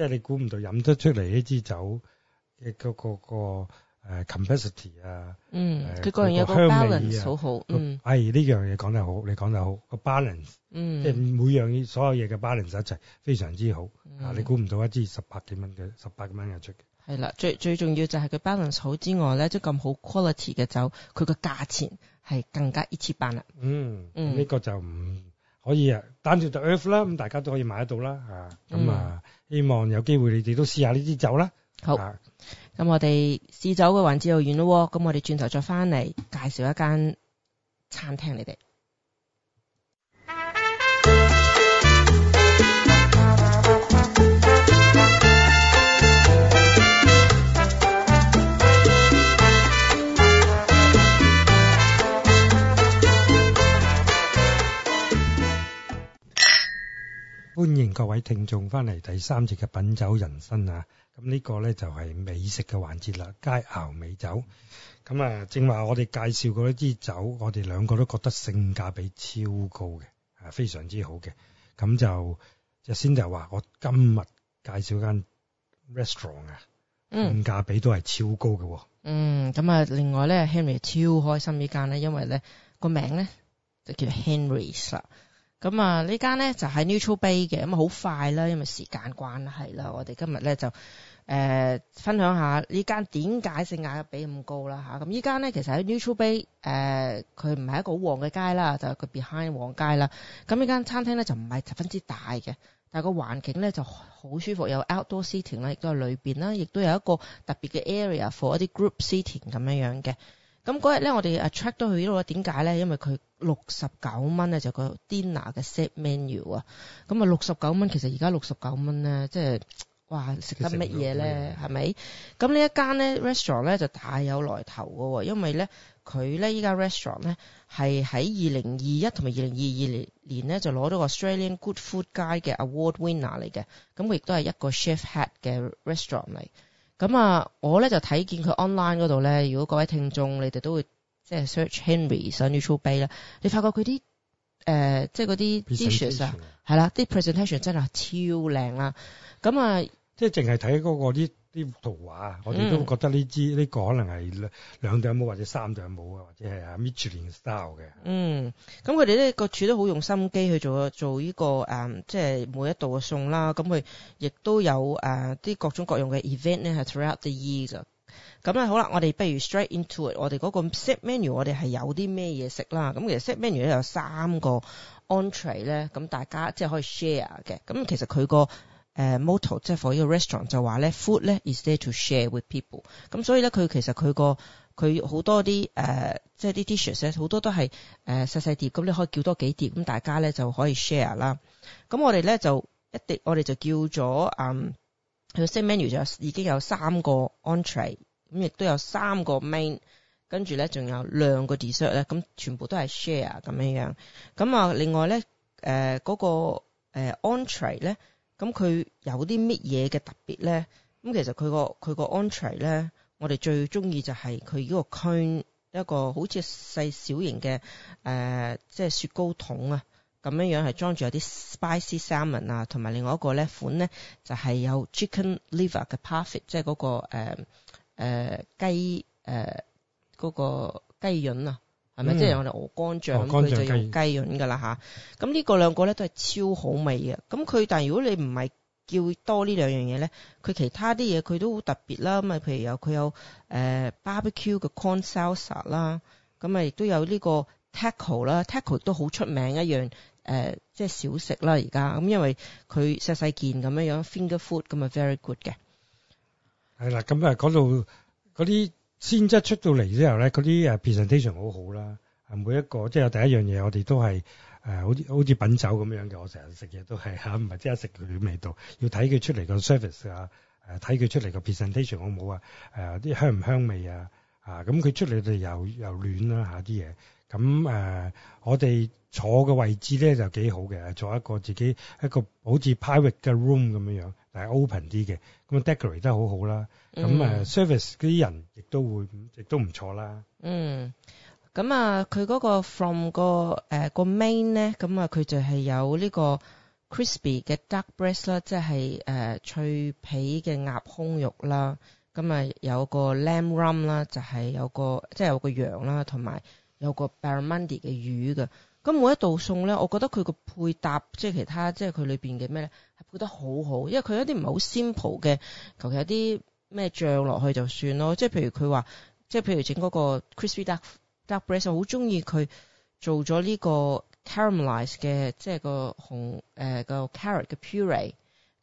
即係你估唔到飲得出嚟呢支酒嘅個、呃嗯、個個 complexity 啊，嗯，佢個人有個 balance 好好，嗯，係呢樣嘢講得好，你講得好個 balance，嗯，即係每樣所有嘢嘅 balance 一齊非常之好，嗯啊、你估唔到一支十八幾蚊嘅十八幾蚊嘅出嘅，係啦，最最重要就係佢 balance 好之外咧，即咁好 quality 嘅酒，佢個價錢係更加一切辦啦，嗯，嗯，呢個就唔可以啊 down to earth 啦，咁大家都可以買得到啦，咁啊。嗯啊希望有機會你哋都試下呢支酒啦。好，咁我哋試酒嘅環節又完咯喎。咁我哋轉頭再翻嚟介紹一間餐廳你哋。歡迎各位聽眾翻嚟第三節嘅品酒人生啊！咁、這、呢個咧就係美食嘅環節啦，佳肴美酒。咁啊，正話我哋介紹過一支酒，我哋兩個都覺得性價比超高嘅，啊非常之好嘅。咁就就先就話我今日介紹間 restaurant 啊，性價比都係超高嘅。嗯，咁、嗯、啊，另外咧 Henry 超開心呢間咧，因為咧個名咧就叫 Henrys 啦。咁啊，呢間咧就喺 Neutral Bay 嘅，咁啊好快啦，因為時間關係啦，我哋今日咧就誒、呃、分享下呢間點解性價比咁高啦嚇。咁依間咧其實喺 Neutral Bay，誒佢唔係一個好旺嘅街啦，就係個 Behind 旺街啦。咁呢間餐廳咧就唔係十分之大嘅，但係個環境咧就好舒服，有 outdoor seating 啦，亦都係裏邊啦，亦都有一個特別嘅 area for 一啲 group seating 咁樣樣嘅。咁嗰日咧我哋 attract 都去呢度啦，點解咧？因為佢六十九蚊咧就個 dinner 嘅 set menu 啊，咁啊六十九蚊其實而家六十九蚊咧，即係哇食得乜嘢咧？係咪？咁呢一間咧 restaurant 咧就大有來頭噶，因為咧佢咧依家 restaurant 咧係喺二零二一同埋二零二二年年咧就攞到個 Australian Good Food Guide 嘅 award winner 嚟嘅，咁佢亦都係一個 chef hat 嘅 restaurant 嚟。咁啊我咧就睇見佢 online 嗰度咧，如果各位聽眾你哋都會。即係 search Henry 上 YouTube 啦，你發覺佢啲誒即係嗰啲 dishes 啊，係啦，啲 presentation 真係超靚啦。咁啊，即係淨係睇嗰個啲啲圖畫，我哋都覺得呢支呢個可能係兩兩頂帽或者三頂帽啊，或者係啊 Michelin style 嘅。嗯，咁佢哋咧個處都好用心機去做做呢、這個誒，即、嗯、係、就是、每一道嘅餸啦。咁佢亦都有誒啲、啊、各種各樣嘅 event 咧，係 throughout the year 咁咧好啦，我哋不如 straight into it，我哋嗰個 set menu，我哋係有啲咩嘢食啦。咁其實 set menu 咧有三個 entree 咧，咁大家即係可以 share 嘅。咁其實佢個 motto 即係 for 呢個 restaurant 就話咧，food 咧 is there to share with people。咁所以咧，佢其實佢個佢好多啲、呃、即係啲 dishes 咧，好多都係誒細細碟咁，你可以叫多幾碟咁，大家咧就可以 share 啦。咁我哋咧就一碟，我哋就叫咗誒喺 set menu 就已經有三個 entree。咁亦都有三個 main，跟住咧仲有兩個 dessert 咧，咁全部都係 share 咁樣咁啊，另外咧，嗰、呃嗰個 entrée 咧，咁、呃、佢有啲乜嘢嘅特別咧？咁其實佢個佢個 entrée 咧，我哋最中意就係佢呢個 cone 一個好似細小型嘅、呃、即係雪糕桶啊咁樣樣係裝住有啲 spicy salmon 啊，同埋另外一個咧款咧就係、是、有 chicken liver 嘅 parfait，即係嗰、嗰個、呃誒、呃、雞誒嗰、呃那個雞潤啊，係咪、嗯？即係我哋鵝肝醬，佢就用雞潤噶啦嚇。咁呢個兩個咧都係超好味嘅。咁佢但係如果你唔係叫多呢兩樣嘢咧，佢其他啲嘢佢都好特別啦。咁啊，譬、呃、如有佢有誒 barbecue 嘅 corn salsa 啦，咁啊亦都有呢個 taco 啦，taco 都好出名一樣誒，即、呃、係、就是、小食啦而家。咁因為佢細細件咁樣樣 finger food 咁啊，very good 嘅。係、嗯、啦，咁啊，嗰度嗰啲先質出到嚟之後咧，嗰啲 presentation 好好啦。啊，每一個即係第一樣嘢、呃，我哋都係好似好似品酒咁樣嘅。我成日食嘢都係嚇，唔係即刻食佢味道，要睇佢出嚟個 service 啊，睇佢出嚟個 presentation 好唔好啊，啲香唔香味啊，嚇咁佢出嚟就又又暖啦啲嘢。咁、啊、誒、呃，我哋坐嘅位置咧就幾好嘅，坐一個自己一個好似 private 嘅 room 咁樣。係 open 啲嘅，咁 decor 都好好啦，咁啊 service 嗰啲人亦都會亦都唔錯啦。嗯，咁啊，佢、uh, 嗰、嗯、個 from 個、uh, main 咧，咁啊佢就係有呢個 crispy 嘅 duck breast 啦，即係誒脆皮嘅鴨胸肉啦，咁啊有個 lamb rum 啦，就係、是、有個即係有個羊啦，同埋有個 barramundi 嘅魚嘅。咁每一道餸咧，我覺得佢個配搭，即係其他，即係佢裏面嘅咩咧，係配得好好。因為佢有啲唔係好 simple 嘅，求其有啲咩醬落去就算咯。即係譬如佢話，即係譬如整嗰個 crispy duck duck breast，我好中意佢做咗呢個 caramelized 嘅，即係個紅、呃個 carrot 嘅 puree。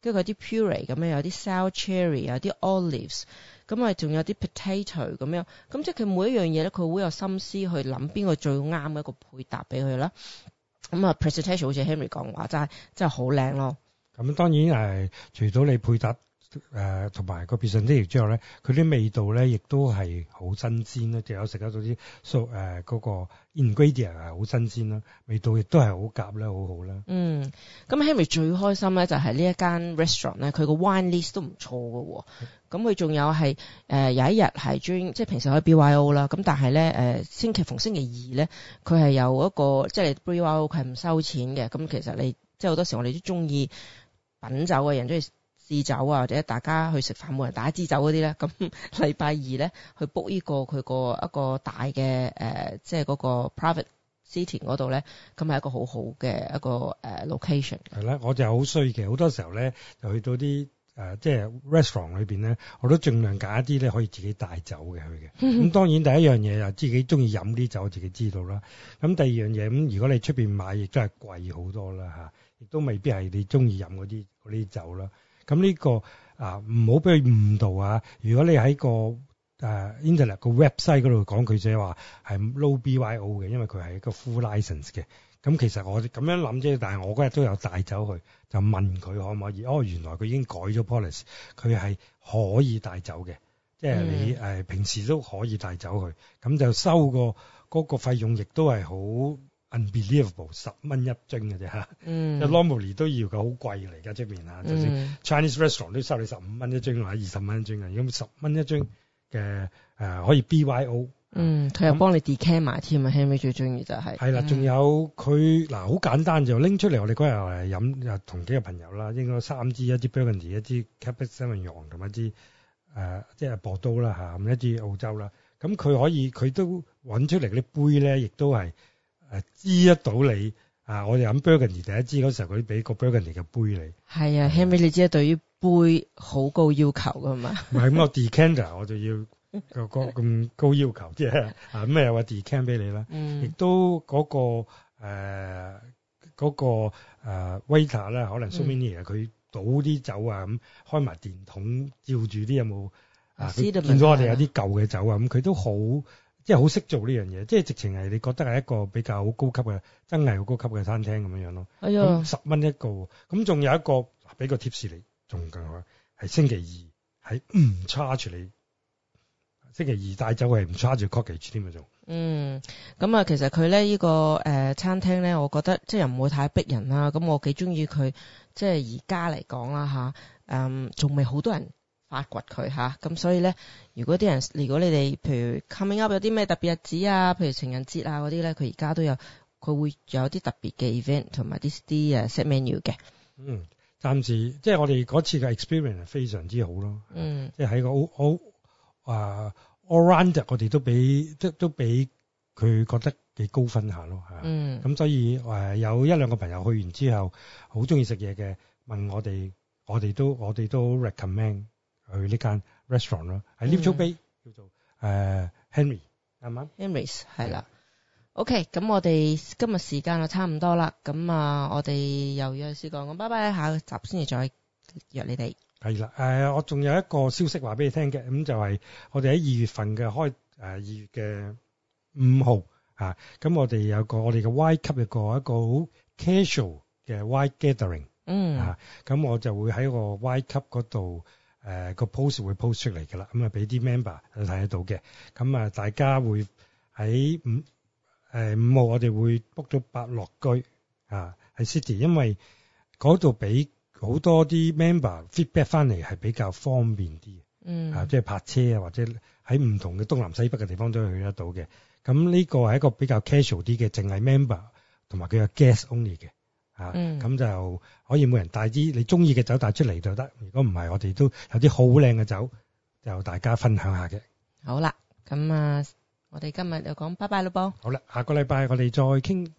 跟住佢啲 puree 咁樣，有啲 sour cherry，有啲 olives，咁啊仲有啲 potato 咁樣，咁即係佢每一樣嘢咧，佢會有心思去諗邊個最啱嘅一個配搭俾佢啦。咁啊 presentation 好似 Henry 講話真係真係好靚咯。咁當然係，除咗你配搭。誒同埋個別餸啲之醬咧，佢啲味道咧亦都係好新鮮啦，仲有食得到啲素，嗰、呃嗰個 ingredient 係好新鮮啦，味道亦都係好夾啦，好好啦。嗯，咁 Henry 最開心咧就係、是、呢一間 restaurant 咧，佢個 wine list 都唔錯㗎喎。咁佢仲有係誒、呃、有一日係專，即係平時可以 B Y O 啦。咁但係咧誒星期逢星期二咧，佢係有一個即係 B Y O，佢唔收錢嘅。咁其實你即係好多時我哋都中意品酒嘅人中意支酒啊，或者大家去食飯，冇人打支酒嗰啲咧。咁禮拜二咧去 book 呢個佢個一個大嘅誒、呃，即係嗰個 private sitting 嗰度咧，咁係一個好好嘅一個誒 location。係啦，我就好衰嘅，好多時候咧，就去到啲誒、呃，即係 restaurant 裏邊咧，我都盡量揀一啲咧可以自己帶酒嘅去嘅。咁 當然第一樣嘢就自己中意飲啲酒，自己知道啦。咁第二樣嘢咁，如果你出邊買，亦都係貴好多啦嚇，亦都未必係你中意飲啲嗰啲酒啦。咁呢個啊唔好俾佢誤導啊！如果你喺個誒 internet 個 web site 嗰度講佢即係話係 Low BYO 嘅，因為佢係一個 full licence 嘅。咁其實我咁樣諗啫，但係我嗰日都有帶走佢，就問佢可唔可以？哦，原來佢已經改咗 policy，佢係可以帶走嘅，即係你、嗯、平時都可以帶走佢。咁就收個嗰個費用，亦都係好。unbelievable 十蚊一樽嘅啫嗯即係 longley 都要嘅好貴嚟。而家出面嚇，就算 Chinese restaurant 都收你十五蚊一樽或者二十蚊一樽嘅，咁十蚊一樽嘅誒可以 B Y O。嗯，佢又、呃嗯啊、幫你 decant 埋添啊 Henry 最中意就係係啦。仲、嗯、有佢嗱，好、啊、簡單就拎出嚟。我哋嗰日誒飲同幾個朋友啦，應該三支一支 Burgundy，一支 Cabernet Sauvignon 同一支誒、呃、即係博都啦咁一支澳洲啦。咁佢可以佢都揾出嚟啲杯咧，亦都係。誒，知得到你啊！我哋飲 Burgundy 第一支嗰時候，佢俾個 Burgundy 嘅杯你。係啊，起碼、well, 嗯、你知對於杯好高要求噶嘛。唔係咁， 我 decanter 我就要個咁高要求啲 啊！咁啊，有個 decanter 俾你啦。嗯。亦都嗰、那個誒嗰、那個 waiter 咧，啊那個啊、taxation, 可能 so many 佢倒啲酒、嗯、倒酒 palabras, 有有 verb� 於是啊，咁開埋電筒照住啲有冇啊？見咗我哋有啲舊嘅酒啊，咁佢都好。即係好識做呢樣嘢，即係直情係你覺得係一個比較好高級嘅真係好高級嘅餐廳咁樣囉。咯、哎。係啊，十蚊一個，咁仲有一個俾個 tips 嚟，仲更好，係星期二係唔 charge 你，星期二帶酒係唔 charge 你，cocktail 添啊仲。嗯，咁啊，其實佢咧呢個誒餐廳咧，我覺得即係唔會太逼人啦。咁我幾中意佢，即係而家嚟講啦吓，嗯，仲未好多人。發掘佢下，咁所以咧，如果啲人，如果你哋譬如 coming up 有啲咩特別日子啊，譬如情人節啊嗰啲咧，佢而家都有，佢會有啲特別嘅 event 同埋啲啲誒 set menu 嘅。嗯，暫時即係、就是、我哋嗰次嘅 experience 係非常之好咯。嗯，即係喺個好好啊，around 我哋都俾都都俾佢覺得幾高分下咯。嗯，咁所以誒有一兩個朋友去完之後好鍾意食嘢嘅，問我哋，我哋都我哋都 recommend。去呢間 restaurant 咯，喺 Neutral Bay 叫做誒 Henry 係嘛？Henry 係啦。OK，咁我哋今日時間就差唔多啦。咁啊，我哋又約少講，咁拜拜。下集先至再約你哋係啦。誒，我仲有一個消息話俾你聽嘅，咁就係我哋喺二月份嘅開誒二月嘅五號啊。咁我哋有個我哋嘅 Y 級有個一個好 casual 嘅 Y Gathering，嗯啊，咁我就會喺個 Y 級嗰度。誒、呃、個 post 會 post 出嚟㗎啦，咁、嗯、啊俾啲 member 睇得到嘅，咁、嗯、啊大家會喺五五號我哋會 book 咗百樂居啊喺 City，因為嗰度俾好多啲 member feedback 翻嚟係比較方便啲，嗯啊即係泊車啊或者喺唔同嘅東南西北嘅地方都可以去得到嘅。咁、嗯、呢個係一個比較 casual 啲嘅，淨係 member 同埋佢有 guest only 嘅。嗯、啊，咁就可以每人帶支你中意嘅酒帶出嚟就得。如果唔係，我哋都有啲好靚嘅酒，就大家分享下嘅。好啦，咁啊，我哋今日就講拜拜啦噃。好啦，下個禮拜我哋再傾。